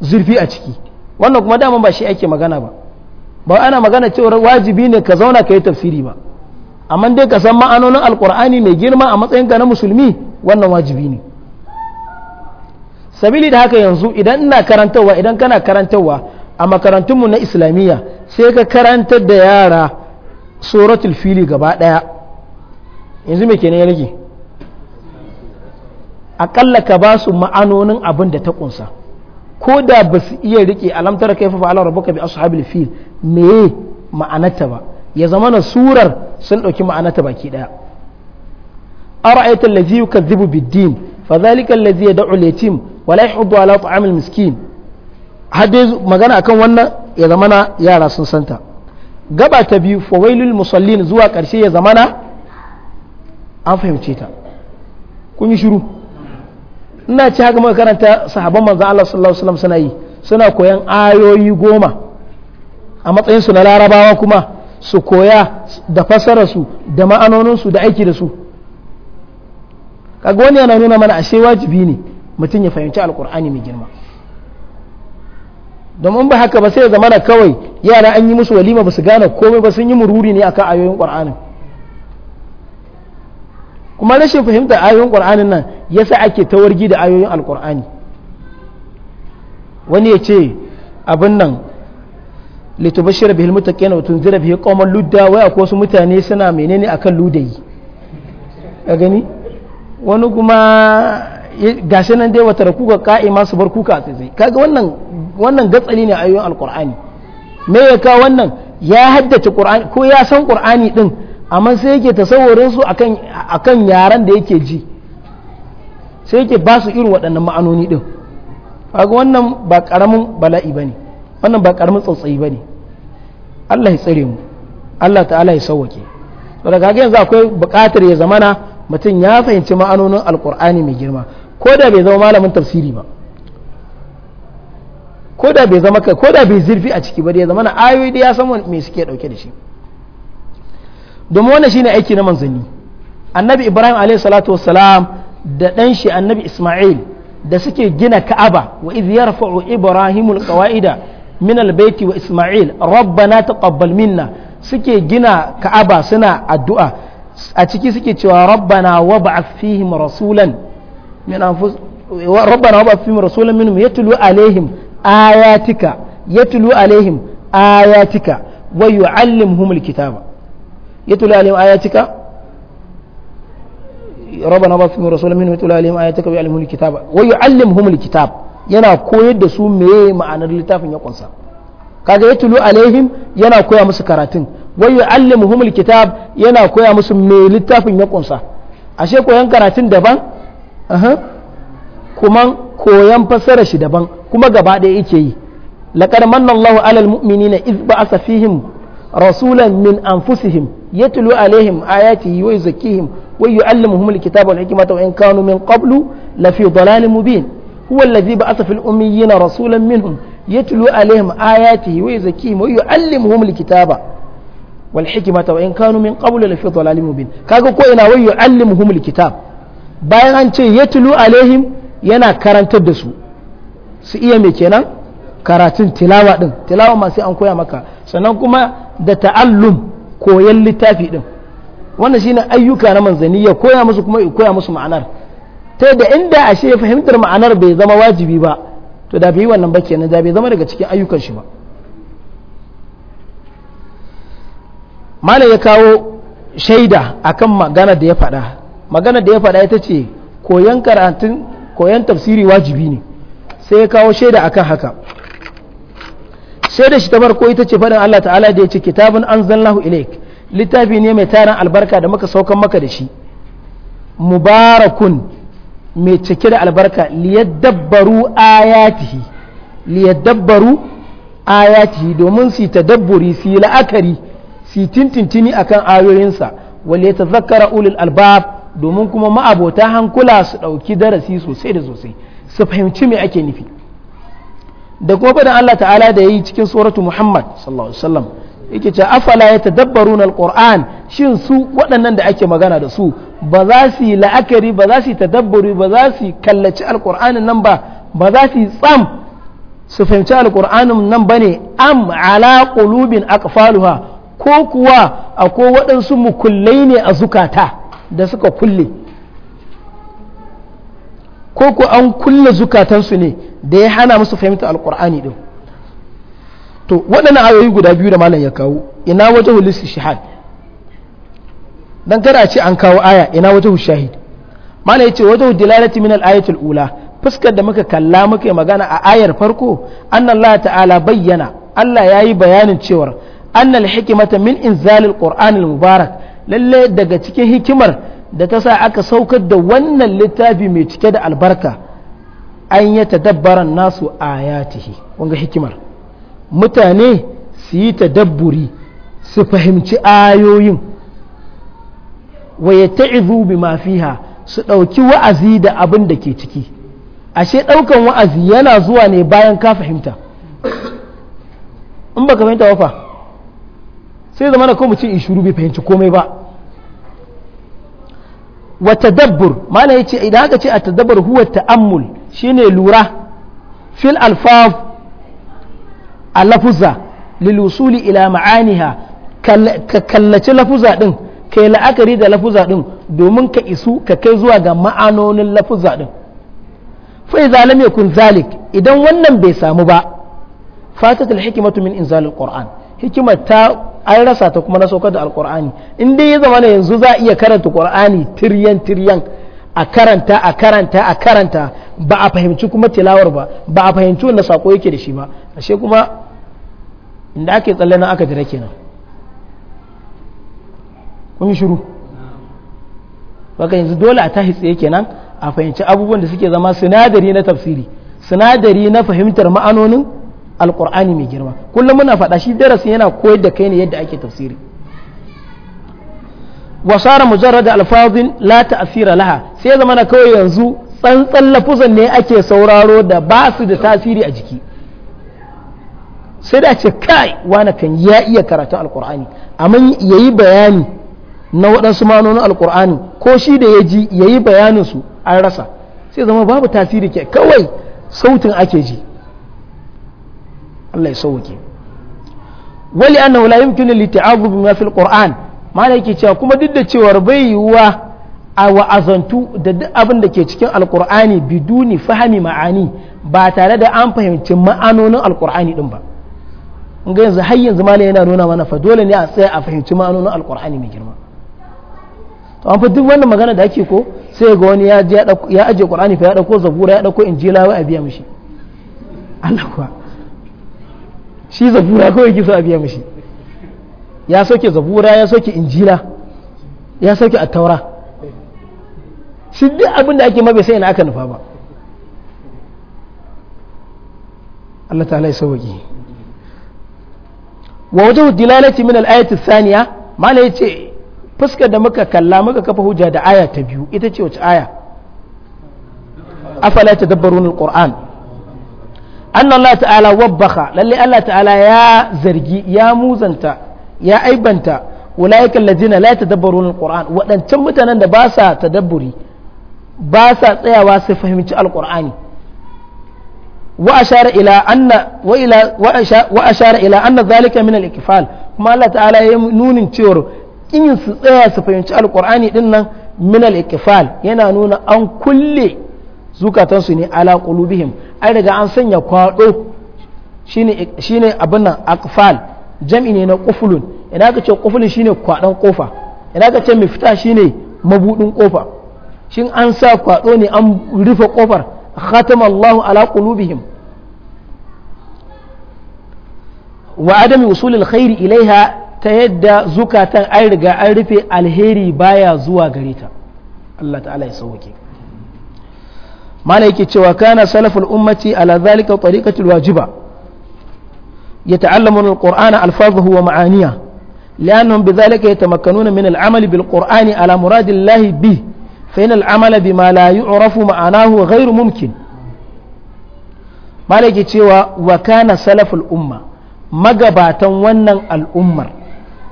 zurfi a ciki wannan kuma daman ba shi ake magana ba ba ana magana cewar wajibi ne ka zauna ka yi tafsiri ba amma dai ka san ma'anonin alkur'ani mai girma a matsayin matsayinka na musulmi wannan wajibi ne sabili da haka yanzu idan ina karantarwa idan kana karantarwa a makarantunmu na islamiyya sai ka karantar da yara suratul fili gaba ɗaya yanzu mai kenan ya rage aƙalla ka ba su ma'anonin abin da ta ƙunsa ko da ba su iya riƙe alamtar kai fa fa'ala rabbuka bi ashabil fil meye ma'anarta ba ya zama na surar sun ɗauki ma'anarta baki ɗaya ara'ayta allazi yukazzibu biddin din fadhalika allazi yad'u al-yatim wa la yahuddu ala ta'amil miskin hadde magana akan wannan ya zama na yara sun santa gaba ta biyu fawailul musallin zuwa ƙarshe ya zamana an fahimce ta kun yi shiru ina ci haka muka karanta sahabban manzo Allah sallallahu alaihi wasallam suna yi suna koyan ayoyi goma a matsayin su na larabawa kuma su koya da fasarar su da ma'anonin su da aiki da su kaga wani yana nuna mana ashe wajibi ne mutum ya fahimci alkur'ani mai girma domin ba haka ba sai zama da kawai yara an yi musu walima ba su gane komai ba sun yi mururi ne akan ayoyin qur'anin kuma rashin fahimtar ayoyin qur'anin nan yasa ake tawargi da ayoyin alqur'ani wani ya ce abin nan litubashir bihil mutaqin wa tunzir bihi qauman ludda wai akwai wasu mutane suna menene akan ludayi ga gani wani kuma Eh, gashi nan dai wata rakuka ka'ima su bar kuka a zai kaga wannan wannan gatsali ne ayoyin alqur'ani me ya kawo wannan ya haddace qur'ani ko ya san qur'ani din amma sai yake tasawurin su akan akan yaran da yake ji sai yake ba su irin waɗannan ma'anoni din kaga wannan ba karamin bala'i bane wannan ba karamin tsautsayi bane Allah ya tsare mu Allah ta'ala ya sauwake to daga yanzu akwai buƙatar ya zamana mutum ya fahimci ma'anonin alƙur'ani mai girma ko da bai zama malamin tafsiri ba ko da bai zama ko da bai zirfi a ciki ba da ya zama na ayoyi da ya san me suke dauke da shi domin wannan shine aiki na manzanni annabi ibrahim alayhi salatu wassalam da dan shi annabi isma'il da suke gina ka'aba wa idh yarfa'u ibrahimu alqawaida min albayti wa isma'il rabbana taqabbal minna suke gina ka'aba suna addu'a a ciki suke cewa rabbana wab'ath fihim rasulan من أنفس ربنا وابعث فيهم رسولا منهم يتلو عليهم آياتك يتلو عليهم آياتك ويعلمهم الكتاب يتلو عليهم آياتك ربنا وابعث فيهم رسولا منهم يتلو عليهم آياتك ويعلمهم الكتاب ويعلمهم الكتاب yana koyar da su meye ma'anar littafin ya kunsa kaga yatulu alaihim yana koya musu karatun wa yu'allimuhumul kitab yana koya musu me littafin ya kunsa ashe koyan karatun daban kuma koyan fassara shi daban kuma gaba ɗaya yake yi laqad manna Allahu 'alal mu'minina idh ba'atha fihim rasulan min anfusihim yatlu alaihim ayatihi wa yuzakkihim wa yu'allimuhum alkitaba wal hikmata wa in kanu min qablu la fi dhalalin mubin huwa alladhi ba'atha fil ummiyina rasulan minhum yatlu alaihim ayatihi wa yuzakkihim wa yu'allimuhum alkitaba wal hikmata wa in kanu min qablu la fi dhalalin mubin kaga ko ina wa yu'allimuhum alkitaba bayan an ce ya tulu alaihim yana karantar da su su iya mai kenan karatun tilawa din tilawa masu an koya maka sannan kuma da ta'allum koyan littafi din wannan shine ayyuka na manzanni ya koya musu kuma ya koya musu ma'anar ta da inda ashe ya fahimtar ma'anar bai zama wajibi ba to da bai wannan ba kenan da bai zama daga cikin ayyukan shi ba malam ya kawo shaida akan magana da ya faɗa magana da ya faɗa ita ce koyan karatun koyan tafsiri wajibi ne sai ya kawo shaida akan haka shaida shi ta farko ita ce faɗin Allah ta'ala da ya ce kitabun anzalnahu ilaik littafi ne mai tarin albarka da muka saukan maka da shi mubarakun mai cike da albarka liyadabbaru ayatihi liyadabbaru ayatihi domin su tadabburi su la'akari su tintintini akan ayoyinsa wal yatazakkara ulul albab domin kuma ma'abota hankula su ɗauki darasi sosai da sosai su fahimci me ake nufi da kuma da Allah ta'ala da yi cikin suratu Muhammad sallallahu alaihi wasallam yake ce afala yatadabbaruna alquran shin su waɗannan da ake magana da su ba za su yi la'akari ba za su yi tadabburi ba za su kallaci alqur'anin nan ba ba za su yi tsam su fahimci alqur'anin nan ba ne am ala qulubin aqfaluha ko kuwa akwai waɗansu mukullai ne a zukata da suka kulle ko ku an kulle zukatansu ne da ya hana musu fahimtar alkur'ani din to waɗannan ayoyi guda biyu da malam ya kawo ina wata hulis shahad dan kada a ce an kawo aya ina wata shahid malam ya ce wata dilalati min al-ayatul ula fuskar da muka kalla muka magana a ayar farko annallahu ta'ala bayyana Allah yayi bayanin cewar annal hikimata min inzalil qur'anil mubarak lalle daga cikin hikimar da ta sa aka saukar da wannan littafi mai cike da albarka an yi tadabbaran nasu ayatihi wanga hikimar mutane su yi tadabburi su fahimci ayoyin wa ya bi mafiha su ɗauki wa'azi da abin da ke ciki ashe ɗaukan wa'azi yana zuwa ne bayan ka fahimta in baka fahimta wafa sai zama na kuma cin ishuru bai fahimci komai ba wata dabbur mana ce idan aka ce a tadabbur huwa ta'ammul shine lura fil alfaf a lafuza lilusuli ila ma'aniha ka kallaci lafuza din ka yi la'akari da lafuza ɗin domin ka isu ka kai zuwa ga ma'anonin lafuza ɗin fa iza lam yakun zalik idan wannan bai samu ba fatatul hikmatu min inzalil qur'an hikimar ta an rasa ta kuma na saukar da alkur'ani in dai ya zama na yanzu za a iya karanta qur'ani tiryan tiryan a karanta a karanta a karanta ba a fahimci kuma tilawar ba ba a fahimci wanda sako yake da shi ba ashe kuma inda ake tsalle nan aka jira kenan kun yi shiru baka yanzu dole a tahi tsaye kenan a fahimci abubuwan da suke zama sinadari na tafsiri sinadari na fahimtar ma'anonin alkur'ani mai girma kullum muna faɗa shi darasin yana koyar da kai ne yadda ake tafsiri wasara mujarrada alfazin la ta'sira laha sai zama na kawai yanzu tsantsan lafuzan ne ake sauraro da ba su da tasiri a jiki sai da ce kai wani kan ya iya karatun alkur'ani amma ya yi bayani na waɗansu manonin alkur'ani ko shi da ya ji ya yi bayaninsu an rasa sai zama babu tasiri ke kawai sautin ake ji Allah ya sauke wali annahu la yumkinu li ta'azzub ma fil qur'an mana yake cewa kuma duk da cewa bai yiwuwa a wa'azantu da duk abin da ke cikin alqur'ani biduni fahimi ma'ani ba tare da an fahimci ma'anonin alqur'ani din ba ga yanzu har yanzu mala yana nuna mana fa dole ne a tsaya a fahimci ma'anonin alqur'ani mai girma to an fa duk wannan magana da ake ko sai ga wani ya ya aje qur'ani fa ya dauko zabura ya dauko injila wai a biya mishi Allah kuwa shi zabura kawai ki so a biya mashi ya soke zabura ya soke injila ya soke attaura shi duk abinda ake mabe sai na aka nufa ba Allah ta'ala ya sauki wa wajahu dilalati min al-ayati ath-thaniya mala yace fuskar da muka kalla muka kafa hujja da aya ta biyu ita ce wace aya afala tadabbarun al-qur'an an Allah ta'ala wabbaha lalle Allah ta'ala ya zargi ya muzanta ya aibanta ulaiikal ladina la yatadabbaruna alquran wadancan mutanen da ba sa tadabburi ba sa tsayawa su fahimci alqurani wa ashara ila ila wa zalika min al kuma Allah ta'ala ya nunin cewar in su tsaya su fahimci alqurani din nan min al yana nuna an kulle zukatansu ne ala an riga an sanya kwado shine abin nan akfal jam'i ne na kufulun ina ka ce kufulun shine kwaɗon kofa ina ka ce mifta shine mabuɗin kofa shin an sa kwado ne an rufe kofar khatama Allahu ala qulubihim wa adami usulil khairi ilaiha ta yadda zukatan an riga an rufe alheri baya zuwa gare ta Allah ta'ala ya sauke mana yake cewa kana salaful ummati ala zalika tariqatul wajiba يتعلمون القرآن ألفاظه ومعانيه لأنهم بذلك يتمكنون من العمل بالقرآن على مراد الله به فإن العمل بما لا يعرف معناه غير ممكن مالك تيوى وكان سلف الأمة مقباتا ونن الأمة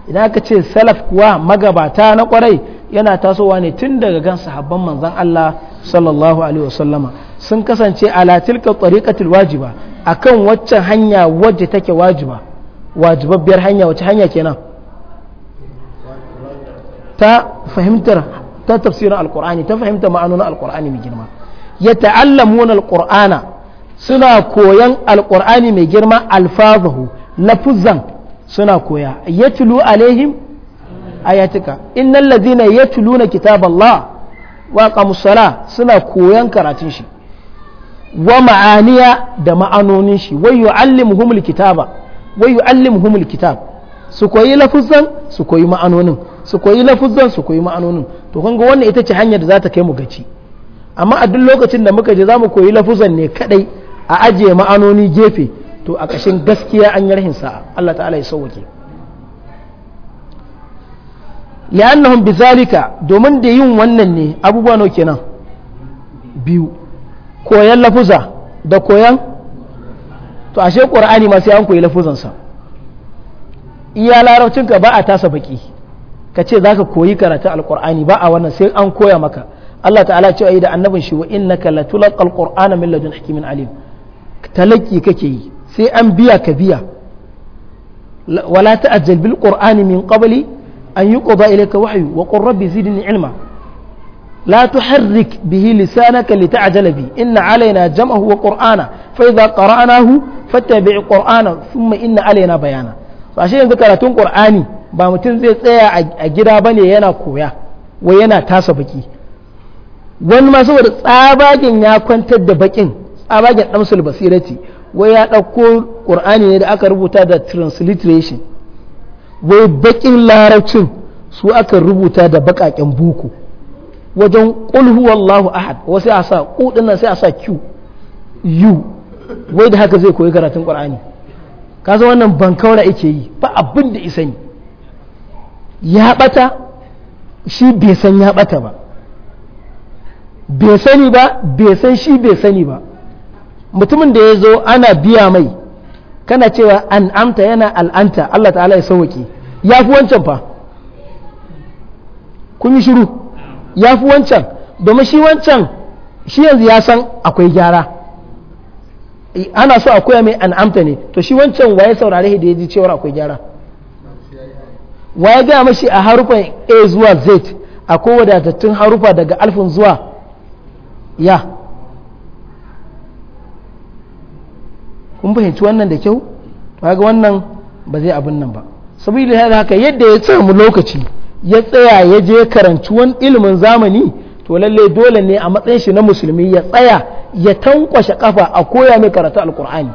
idan aka ce salaf kuwa magabata na kwarai yana tasowa ne tun daga gan sahabban manzon Allah sallallahu alaihi wasallama sun kasance ala tilka tariqatil wajiba akan waccan hanya wadda take wajiba wajibabbiyar hanya wacce hanya kenan ta fahimtar ta tafsirin alqur'ani ta fahimtar ma'anonin alqur'ani mai girma ya ta'allamuna alqur'ana suna koyan alqur'ani mai girma alfazahu lafuzan suna koya ya yatlu alaihim ayatika innal ladhina yatluna kitaballah waƙa musala suna koyan karatun shi wa ma'aniya da ma'anonin shi wai yu'allimuhumul kitaba wai humul kitab su koyi lafuzan su koyi ma'anonin su koyi lafuzan su koyi ma'anonin to kun ga wannan ita ce hanyar da za ta kai mu gaci amma a duk lokacin da muka je za mu koyi lafuzan ne kadai a ajiye ma'anoni gefe to a ƙashin gaskiya an yi rahin sa'a Allah ta'ala ya sauwake li'annahum bizalika domin da yin wannan ne abubuwa nawa kenan biyu koyan lafuza da koyan to ashe qur'ani ma sai an koyi lafuzan sa iya larabcin ka ba a tasa baki ka ce zaka koyi karatu alqur'ani ba a wannan sai an koya maka Allah ta'ala ce ai da annabin shi wa innaka latulqal qur'ana min ladun hakimin alim talaki kake yi sai an biya ka biya wala ta'ajjal bil qur'ani min qabli an yi ƙoba ilaika wahayu wa qur rabbi zidni ilma la tuharrik bihi lisanaka lita'jala bi inna alaina jam'ahu wa qur'ana fa idza qara'nahu fattabi' qur'ana thumma inna alaina bayana to ashe yanzu karatun ƙur'ani ba mutum zai tsaya a gida ba ne yana koya wai yana tasa baki wani ma saboda tsabagen ya kwantar da baƙin tsabagen damsul basirati wai ya ɗauko ƙur'ani ne da aka rubuta da transliteration wai baƙin larabcin su aka rubuta da baƙaƙen buku wajen ƙulhu wallahu ahad wasu a sa ƙudin nan sai a q u wai da haka zai koyi karatun qur'ani kaza wannan bankaura ake yi ba abin da isa ne ya ɓata shi bai san ya ɓata ba bai sani ba bai san shi bai sani ba mutumin da ya zo ana biya mai kana cewa an amta yana al'anta Allah ta'ala ya sauwaƙe ya fi wancan fa kun yi shiru ya fi wancan domin shi wancan shi yanzu ya san akwai gyara ana so akwai mai an'amta ne to shi wancan waye saurare da ya ji cewar akwai gyara waye gaya mashi a harufan a zuwa z akwai wadatattun harufa daga alfin zuwa ya kun fahimci wannan da kyau to ga wannan ba zai abin nan ba sabili da haka yadda ya samu lokaci ya tsaya ya je karanci wani ilimin zamani to lalle dole ne a matsayin shi na musulmi ya tsaya ya tankwashe kafa a koya mai karatu alkur'ani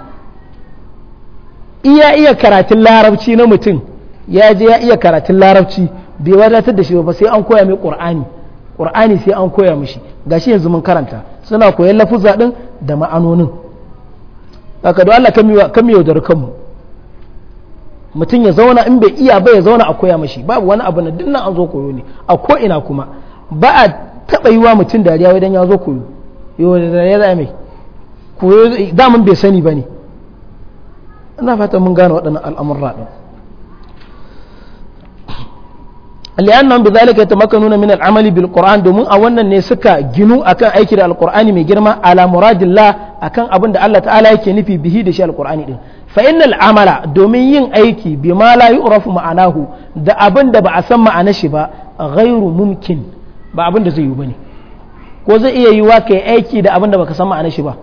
iya iya karatun larabci na mutum ya je ya iya karatun larabci bai wadatar da shi ba sai an koya mai ƙur'ani qur'ani sai an koya mishi shi yanzu mun karanta suna koyan lafuzza din da ma'anonin haka don Allah kan da kanmu mutum ya zauna in bai iya ba ya zauna a koya mashi babu wani abu na dinnan an zo koyo ne a ko ina kuma ba a taba yi wa mutum dariya idan ya zo koyo yau da zai za mai koyo damun bai sani ba ne ina fata mun gane waɗannan al'amurra ɗin zalika bidhalika yatamakkanuna min al'amali bil qur'an domin a wannan ne suka ginu akan aiki da alqur'ani mai girma ala muradillah akan abinda da Allah ta'ala yake nufi bihi da shi alqur'ani din fa innal amala domin yin aiki bi ma la yu'rafu ma'anahu da abinda ba a san ma'anar ba ghairu mumkin ba abin da zai yi bane ko zai iya yiwa kai aiki da abin da baka san ma'anar shi ba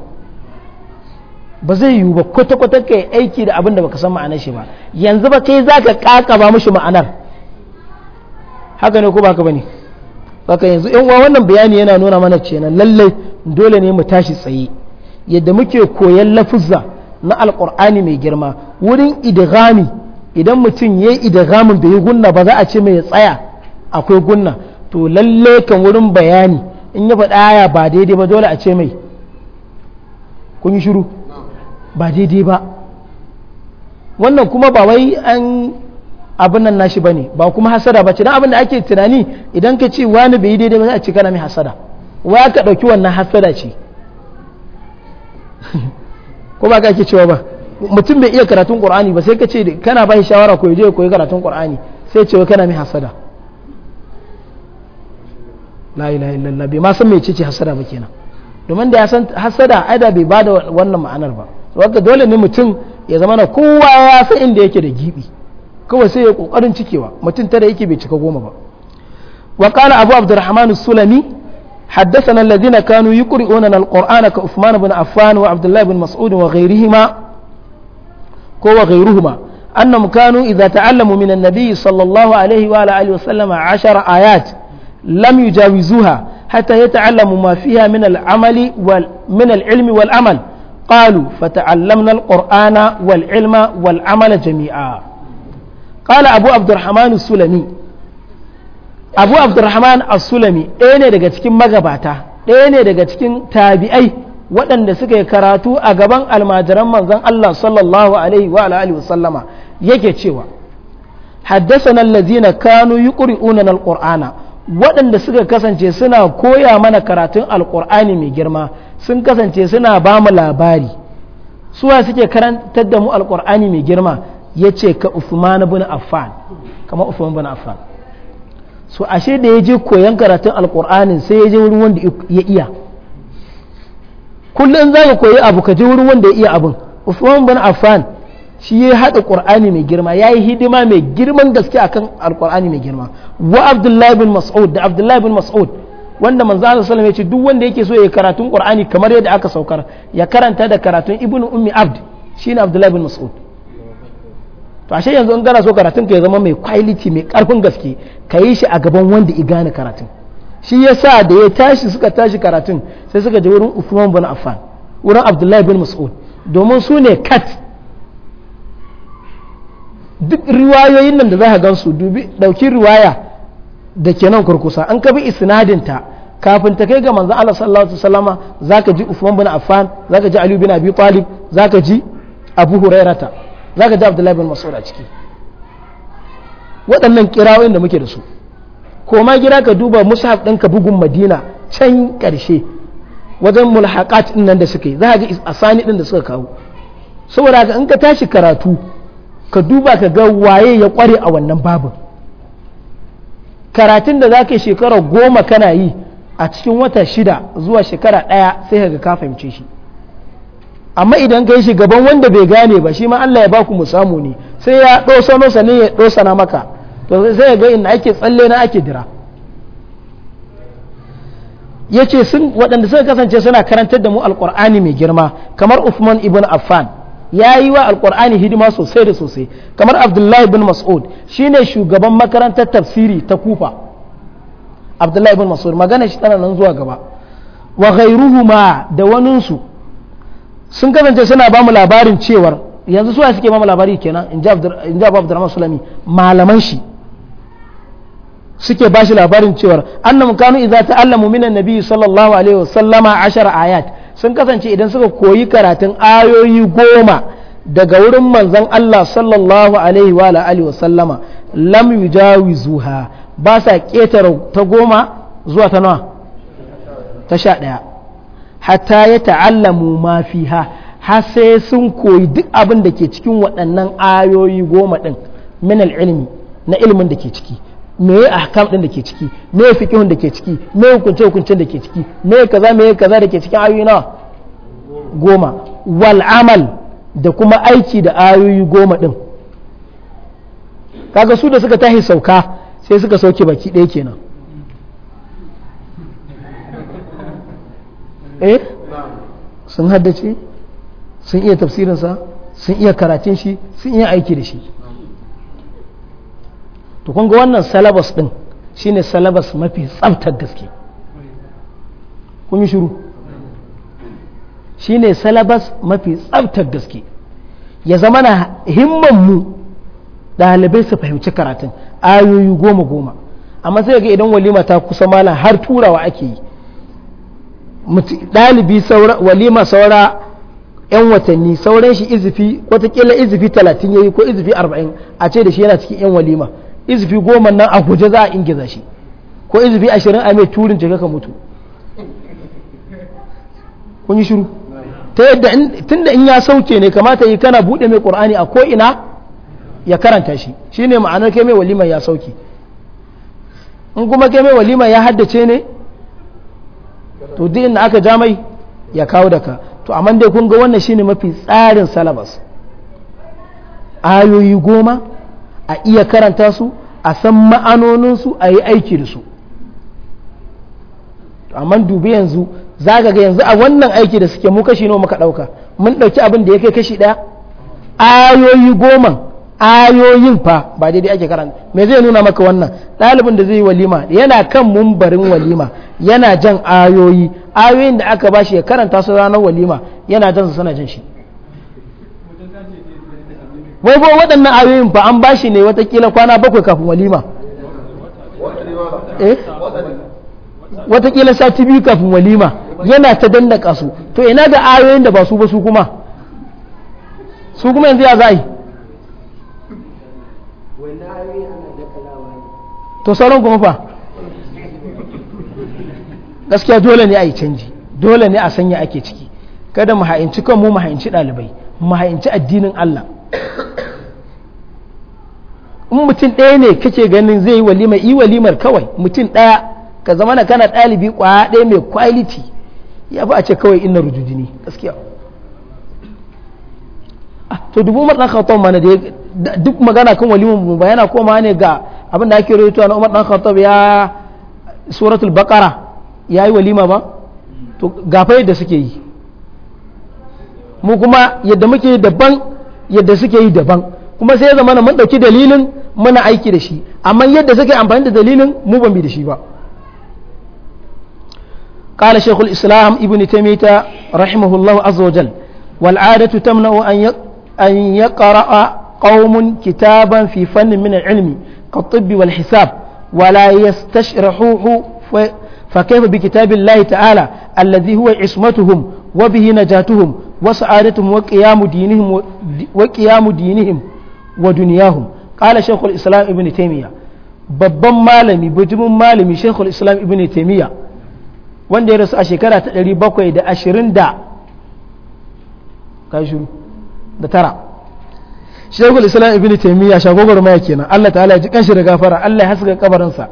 ba zai yiwu ba kwata kwata kai aiki da abin da baka san ma'anar shi ba yanzu ba kai zaka kakaba mushi ma'anar haka ne ko baka bane haka yanzu yan uwa wannan bayani yana nuna mana cewa lallai dole ne mu tashi tsaye yadda muke koyan lafuzza na Alƙur'ani mai girma wurin idigami idan mutum ya yi idigamin bai yi gunna ba za a ce mai tsaya akwai gunna to lalle kan wurin bayani in ya faɗa aya ba daidai ba dole a ce mai kun yi shiru ba daidai ba wannan kuma ba wai an abin nan nashi bane ba kuma hasada ba ce dan abin da ake tunani idan ka ce wani bai yi daidai ba za a ce kana mai hasada wa ka ɗauki wannan hasada ce ko ba ka ake cewa ba mutum bai iya karatun qur'ani ba sai ka ce kana ba shi shawara ko je koyi karatun qur'ani sai ce kana mai hasada la ilaha illallah bai ma san me ce hasada ba kenan domin da ya san hasada ai da bai bada wannan ma'anar ba wanda dole ne mutum ya zama na kowa ya san inda yake da gibi kawai sai ya kokarin cikewa mutum tare yake bai cika goma ba wa qala abu abdurrahman sulami حدثنا الذين كانوا يقرؤوننا القرآن كعثمان بن عفان وعبد الله بن مسعود وغيرهما وغيرهما أنهم كانوا إذا تعلموا من النبي صلى الله عليه وعلى آله وسلم عشر آيات لم يجاوزوها حتى يتعلموا ما فيها من العمل وال من العلم والعمل قالوا فتعلمنا القرآن والعلم والعمل جميعا قال أبو عبد الرحمن السلمي abu abdurrahman as-sulami ɗaya ne daga cikin magabata ɗaya ne daga cikin tabi'ai waɗanda suka yi karatu a gaban almajiran manzon Allah sallallahu alaihi wa alihi wa sallama yake cewa haddasan allazina kanu yuqri'una al-qur'ana waɗanda suka kasance suna koya mana karatun alƙur'ani mai girma sun kasance suna ba mu labari suwa suke karantar da mu alƙur'ani mai girma yace ce ka Uthman ibn Affan kamar Uthman bin Affan so ashe da ya je koyan karatun alkur'anin sai ya je wurin wanda ya iya kullum za ka koyi abu ka je wurin wanda ya iya abin usman bin affan shi ya haɗa ƙur'ani mai girma ya yi hidima mai girman gaske akan alkur'ani mai girma wa abdullahi bin mas'ud da abdullahi bin mas'ud wanda manzo Allah sallallahu ya ce duk wanda yake so ya karatun qur'ani kamar yadda aka saukar ya karanta da karatun ibnu ummi abd shine abdullahi bin mas'ud to ashe yanzu in gana so karatun ka ya zama mai quality mai karfin gaske ka yi shi a gaban wanda i gane karatun shi ya sa da ya tashi suka tashi karatun sai suka je wurin Uthman bin Affan wurin Abdullahi bin Mas'ud domin su ne kat duk riwayoyin nan da za ka gansu dubi dauki riwaya da ke nan kurkusa an ka bi ta kafin ta kai ga manzo Allah sallallahu alaihi wasallama zaka ji Uthman bin Affan zaka ji Ali bin Abi Talib zaka ji Abu Hurairah za ka ji abdullahi bin mas'ud a ciki waɗannan kirawoyin da muke da su ko ma gida ka duba mushaf ka bugun madina can ƙarshe wajen mulhaqat ɗin nan da suka yi za ka ga asani ɗin da suka kawo saboda ka in ka tashi karatu ka duba ka ga waye ya kware a wannan babin karatun da za ka yi shekara goma kana yi a cikin wata shida zuwa shekara ɗaya sai ka ga ka fahimce shi amma idan yi shi gaban wanda bai gane ba shi ma Allah ya baku mu samu ne sai ya dosa masa ne ya dosa na maka to sai ya ga ina ake tsalle na ake dira yace sun waɗanda suka kasance suna karantar da mu alqur'ani mai girma kamar Uthman ibn Affan ya yi wa alqur'ani hidima sosai da sosai kamar Abdullahi ibn Mas'ud shine shugaban makarantar tafsiri ta Kufa Abdullahi ibn Mas'ud magana shi tana nan zuwa gaba wa ghairuhuma da waninsu sun kasance suna ba mu labarin cewar yanzu suwa suke ba mu labari kenan in ji abu abdurrahman sulami malaman shi suke ba shi labarin cewar annam kanu idza ta'allamu minan nabi sallallahu alaihi wasallama ashar ayat sun kasance idan suka koyi karatun ayoyi goma daga wurin manzon Allah sallallahu alaihi wa alihi wasallama lam yujawizuha ba sa ƙetare ta goma zuwa ta nawa ta sha ɗaya hatta ya ta'allamu ma fiha har sai sun koyi duk abin da ke cikin waɗannan ayoyi goma ɗin min ilmi na ilimin da ke ciki me ya ahkam ɗin da ke ciki me ya fikihun da ke ciki me hukunce hukuncen da ke ciki me kaza me kaza da ke cikin ayoyi na goma wal amal da kuma aiki da ayoyi goma ɗin kaga su da suka tahi sauka sai suka sauke baki ɗaya kenan eh sun haddace sun iya tafsirinsa sun iya karatun shi sun iya aiki da shi to kun ga wannan salabas din shine salabas mafi tsaftar gaske kun yi shiru shine salabas mafi tsaftar gaske ya zama na himmanmu ɗalibai su fahimci karatun ayoyi goma goma amma sai ga idan walima ta kusa malam har turawa ake yi ɗalibi walima saura yan watanni sauran shi izifi watakila izifi talatin ya yi ko izifi arba'in a ce da shi yana cikin yan walima izifi goma nan a guje za a ingiza shi ko izifi ashirin a mai turin ce ka mutu kun yi shiru ta yadda tun da in ya sauke ne kamata yi kana buɗe mai ƙur'ani a ko ina ya karanta shi shine ma'anar kai mai walima ya sauke in kuma kai mai walima ya haddace ne to duk inda aka ja mai ya kawo da to amma dai kun ga wannan shine mafi tsarin salabas ayoyi goma a iya karanta su a san ma'anoninsu a yi aiki da su amma dubi yanzu za ga yanzu a wannan aiki da suke mu kashi nawa muka ɗauka mun ɗauki abin da ya kai kashi ɗaya ayoyi goma ayoyin fa ba daidai ake karanta me zai nuna maka wannan ɗalibin da zai yi walima yana kan mumbarin walima yana jan ayoyi ayoyin da aka bashi ya karanta su ranar walima yana jan su sana jan shi wai ba waɗannan ayoyin fa an bashi ne watakila kwana bakwai kafin walima eh watakila sati biyu kafin walima yana ta dandaka su to ina ga ayoyin da ba su ba su kuma su kuma yanzu ya zai to sauran kuma fa gaskiya dole ne a yi canji dole ne a sanya ake ciki kada mu ha'inci kanmu mu ha'inci ɗalibai mu ha'inci addinin Allah in mutum ɗaya ne kake ganin zai yi walima yi walimar kawai mutum ɗaya ka zama na kana ɗalibi kwaya ɗaya mai quality ya fi a ce kawai ina rujujini gaskiya ah, to dubu matan khattab mana da duk magana kan walimar mu ba yana koma ne ga abin da ake rawaito na Umar dan Khattab ya suratul baqara yayi walima ba to gafa yadda suke yi mu kuma yadda muke yi daban yadda suke yi daban kuma sai ya zama mun dauki dalilin muna aiki da shi amma yadda suke amfani da dalilin mu ban bi da shi ba قال شيخ الإسلام ابن تيمية رحمه الله عز وجل والعادة تمنع أن يقرأ قوم كتابا في فن من العلم كالطب والحساب ولا يستشرحوه فكيف بكتاب الله تعالى الذي هو عصمتهم وبه نجاتهم وسعادتهم وقيام دينهم وقيام دينهم ودنياهم قال شيخ الإسلام ابن تيمية babban malami bijimin malami shekul islam ibn taimiyya wanda ya rasu a shekara ta 720 da ashirin da kashi da tara shekul islam ibn taimiyya shagogar maya kenan allah ta'ala ya ji kanshi da gafara allah ya haska kabarinsa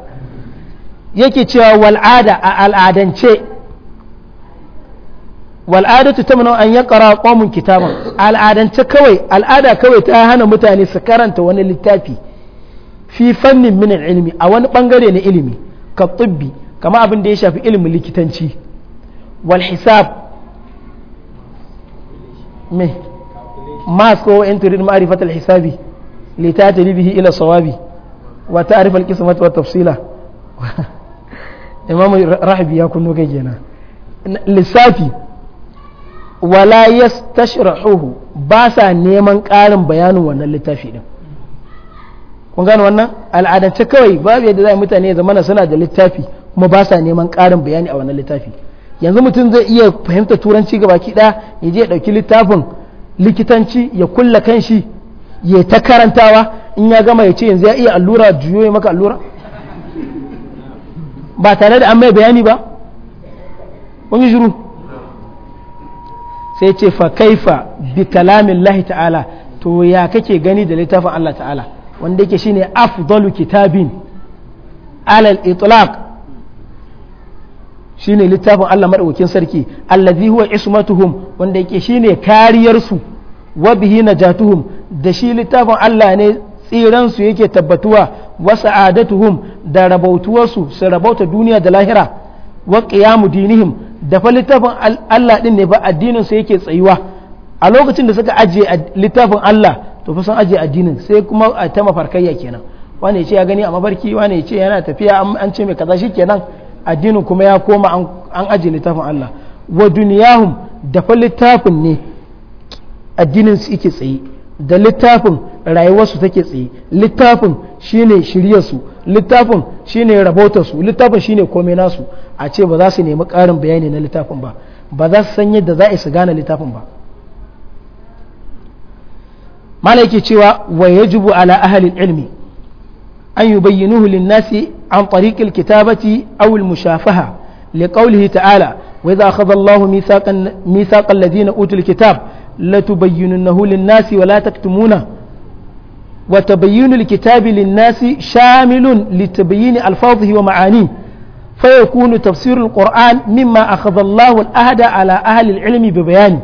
yake cewa wal'ada a al'adance wal'adatu tamna an yaqra qawmun kitaban al'adance kawai al'ada kawai ta hana mutane su karanta wani littafi fi fannin min ilmi a wani bangare na ilimi ka tubbi kama abin da ya shafi ilimin likitanci wal hisab me mas ko تريد معرفة الحساب al-hisabi إلى الصواب bihi ila والتفصيلة wa ta'rif al-qismat wa tafsila imam rahibi ya kunno kai kenan lissafi wala ba sa neman ƙarin bayanin wannan littafi din kun gano wannan al'adance kawai babu yadda zai mutane zamana suna da littafi kuma ba sa neman ƙarin bayani a wannan littafi yanzu mutum zai iya fahimta turanci gaba ki ɗaya ya je ya ɗauki littafin likitanci ya kulla kanshi ya ta karantawa in ya gama ya ce yanzu ya iya allura juyo ya maka allura ba tare da an mai bayani ba wani juru. sai ce fa kaifa bi kalamin lahi ta'ala to ya kake gani da littafin Allah ta'ala wanda yake shine afdalu kitabin alal itlaq shine littafin Allah madaukakin sarki allazi huwa ismatuhum wanda yake shine kariyar su wa bihi najatuhum da shi littafin Allah ne tsiran su yake tabbatuwa wa sa'adatuhum da rabautuwar su su rabauta duniya da lahira wa qiyamu dinihim da fa littafin Allah din ne ba addinin su yake tsayuwa a lokacin da suka ajiye littafin Allah to fa sun ajiye addinin sai kuma a ta mafarkayya kenan Wani ya ce ya gani a mafarki wani ya ce yana tafiya an ce mai kaza shikenan kenan addinin kuma ya koma an ajiye littafin Allah wa duniyahum da littafin ne addinin su yake tsaye da littafin rayuwarsu take tsaye littafin shine shiryarsu littafin shine rabotarsu littafin shine komai nasu a ce ba za su nemi karin bayani na littafin ba ba za su san yadda za su gane littafin ba mana malaki cewa wa yajibu ala ahli ilmi أن يبينوه للناس عن طريق الكتابة أو المشافهة لقوله تعالى وإذا أخذ الله ميثاق, ميثاق الذين أوتوا الكتاب لتبيننه للناس ولا تكتمونه وتبين الكتاب للناس شامل لتبيين ألفاظه ومعانيه فيكون تفسير القرآن مما أخذ الله الأهد على أهل العلم ببيانه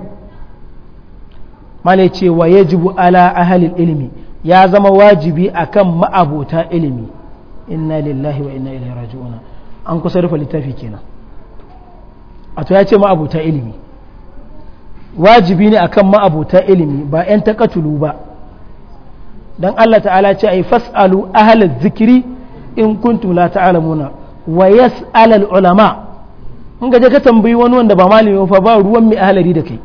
ما ويجب على أهل العلم ya zama wajibi akan ma'abuta ilimi inna lillahi wa inna ilaihi raji'una an kusa rufe littafi kenan a to ya ce ma'abuta ilimi wajibi ne akan ma'abuta ilimi ba 'yan takatulu ba don Allah ta'ala ce a yi fas'alu ahalar zikiri in kuntum la ta'alamuna wa yas'alal ulama in gaje ka tambayi wani wanda ba malami fa ba ruwan mai ahalari da kai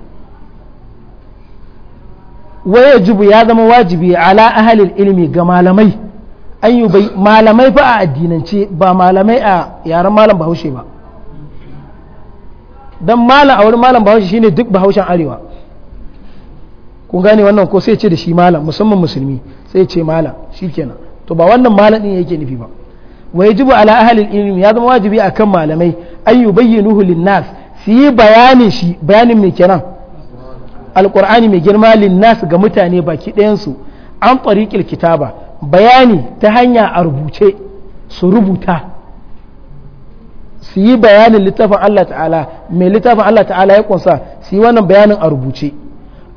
wa yajibu ya zama wajibi ala ahalil ilimi ga malamai an malamai fa a addinance ba malamai a yaren malam bahaushe ba don malam a wurin malam bahaushe shine duk bahaushen arewa kun gane wannan ko sai ce da shi malam musamman musulmi sai ce malam shikenan to ba wannan malam din yake nufi ba wa yajibu ala ahli ilimi ya zama wajibi akan malamai an yubayyinuhu lin nas su yi bayanin shi bayanin mai kenan alkur'ani mai girma linnas ga mutane baki ɗayansu an tsariƙil kitaba bayani ta hanya a rubuce su rubuta su yi bayanin littafin Allah ta'ala mai littafin Allah ta'ala ya kunsa su yi wannan bayanin a rubuce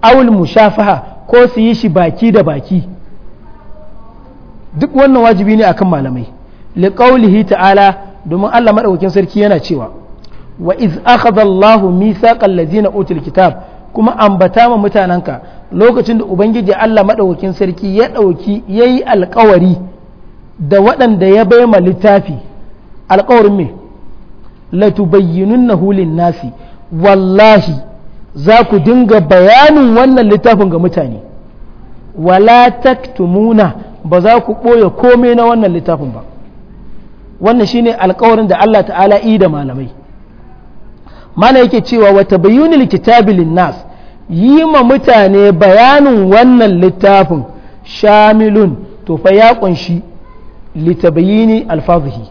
awul mushafaha ko su yi shi baki da baki duk wannan wajibi ne akan malamai liqaulihi ta'ala domin Allah madaukakin sarki yana cewa wa iz akhadha Allahu mithaqal ladzina utul kitab kuma ambata ma mutanenka lokacin da ubangiji Allah maɗaukakin sarki ya ɗauki ya yi alkawari da waɗanda ya bai ma littafi alkawarin me na hulin nasi wallahi za ku dinga bayanin wannan littafin ga mutane wala taktumuna ba za ku ɓoye komai na wannan littafin ba wannan shine alkawarin da Allah ta'ala i da malamai mana yake cewa wata bayunil kitabi linnas yi ma mutane bayanin wannan littafin shamilun to fa ya kunshi litabayini alfazihi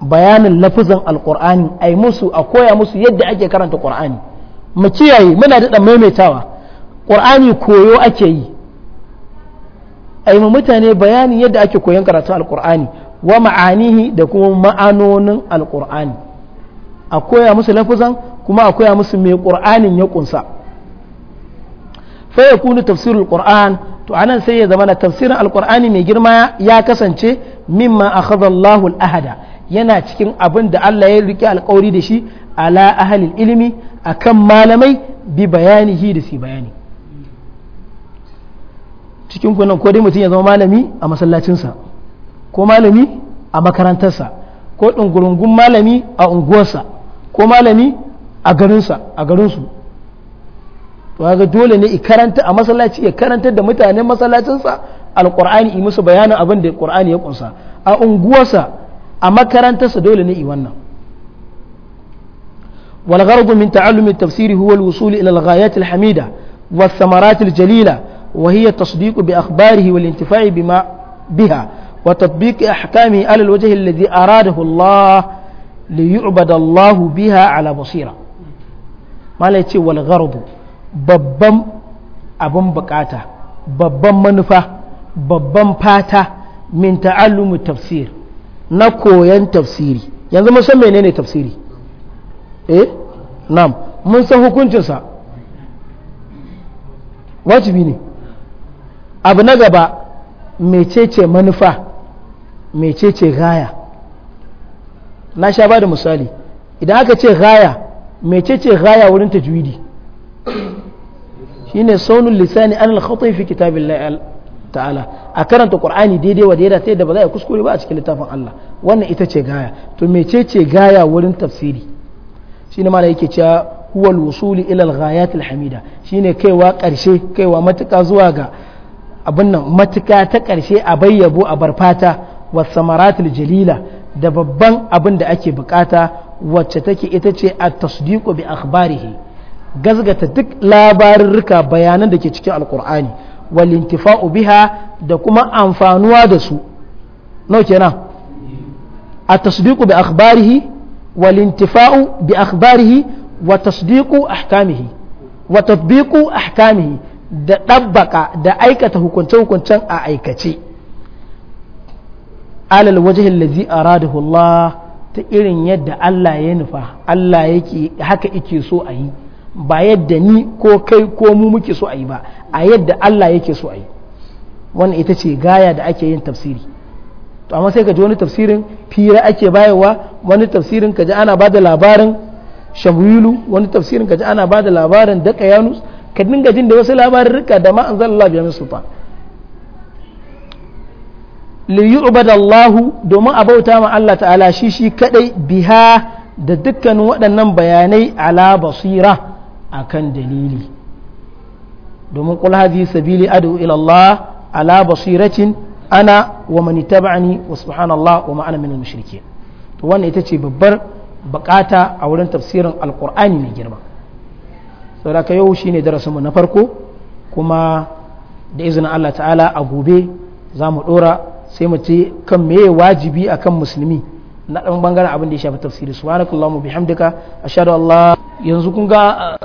bayanin lafizan alqur'ani yi musu a koya musu yadda ake karanta qur'ani mu kiyaye muna da maimaitawa qur'ani koyo ake yi ai ma mutane bayanin yadda ake koyon karatun alqur'ani wa ma'anihi da kuma ma'anonin alqur'ani a koya musu lafizan kuma a musu mai ƙur'anin ya ƙunsa fa ya kunu tafsirul ƙur'an to anan sai ya zama na tafsirin alƙur'ani mai girma ya kasance mimma akhadha Allahu al-ahada yana cikin abin da Allah ya rike alƙawari da shi ala ahlil ilimi akan malamai bi bayanihi da si bayani cikin kunan ko dai mutum ya zama malami a masallacinsa ko malami a makarantarsa ko ɗungurungun malami a unguwarsa ko malami a garinsu ga dole ne karanta a masallaci ya karanta da mutanen masallacinsa alƙur'ani yi musu bayanin abin da ƙur'ani ya ƙunsa a unguwarsa a makarantarsa dole ne yi wannan والغرض من تعلم التفسير هو الوصول إلى الغايات الحميدة والثمرات الجليلة وهي التصديق بأخباره والانتفاع بما بها وتطبيق أحكامه على الوجه الذي أراده الله ليعبد الله بها على بصيره mala ya ce wal babban abin bukata babban manufa babban fata min ta'allumi tafsir na koyan tafsiri yanzu mun san menene tafsiri eh nam mun san hukuncinsa wajibi ne abu na gaba mecece manufa mecece gaya na sha ba da misali idan aka ce gaya mecece gaya wurin tajwidi shine saunin lisani an al-khati fi kitabillahi ta'ala a karanta qur'ani daidai wa daidai ta yadda ba za a kuskure ba a cikin littafin Allah wannan ita ce gaya to mecece gaya wurin tafsiri shine mala yake cewa huwa al-wusul ila al-ghayat al-hamida shine kaiwa karshe kaiwa matuka zuwa ga abin nan matuka ta karshe a bayyabo a barfata wa samaratul jalila da babban abin da ake bukata wacce take ita ce a tasdiqu bi akhbarihi gazgata duk labarurruka bayanan da ke cikin alkur'ani wal biha da kuma amfanuwa da su no kenan a tasdiqu bi akhbarihi wal bi akhbarihi wa tasdiqu ahkamihi wa tatbiqu ahkamihi da dabbaka da aikata hukunce hukuncen a aikace alal wajhi allazi aradahu Allah ta irin yadda Allah ya nufa Allah yake haka yake so a yi ba yadda ni ko kai ko mu muke so a yi ba a yadda Allah yake so a yi wannan ita ce gaya da ake yin tafsiri to amma sai ka ji wani tafsirin fira ake bayarwa wani tafsirin ka ji ana ba da labarin shamwilu wani tafsirin ka ji ana ba da labarin daka yanus ka dinga jin da wasu labarin rika da ma anzalallahu bihi sultan liyubadallahu domin a bauta ma Allah ta'ala shi shi kadai biha da dukkanin waɗannan bayanai ala basira akan dalili domin kul hadhi sabili adu ila Allah ala basiratin ana wa man tabani wa subhanallah wa ma ana minal mushrikeen to wannan ita ce babbar bukata a wurin tafsirin alqur'ani mai girma saboda yau shine darasinmu na farko kuma da izinin Allah ta'ala a gobe za mu dora sai mu ce kan meye wajibi akan musulmi na ɗan bangaren abin da ya shafi tafsiri subhanakallahumma bihamdika ashhadu an la yanzu kun ga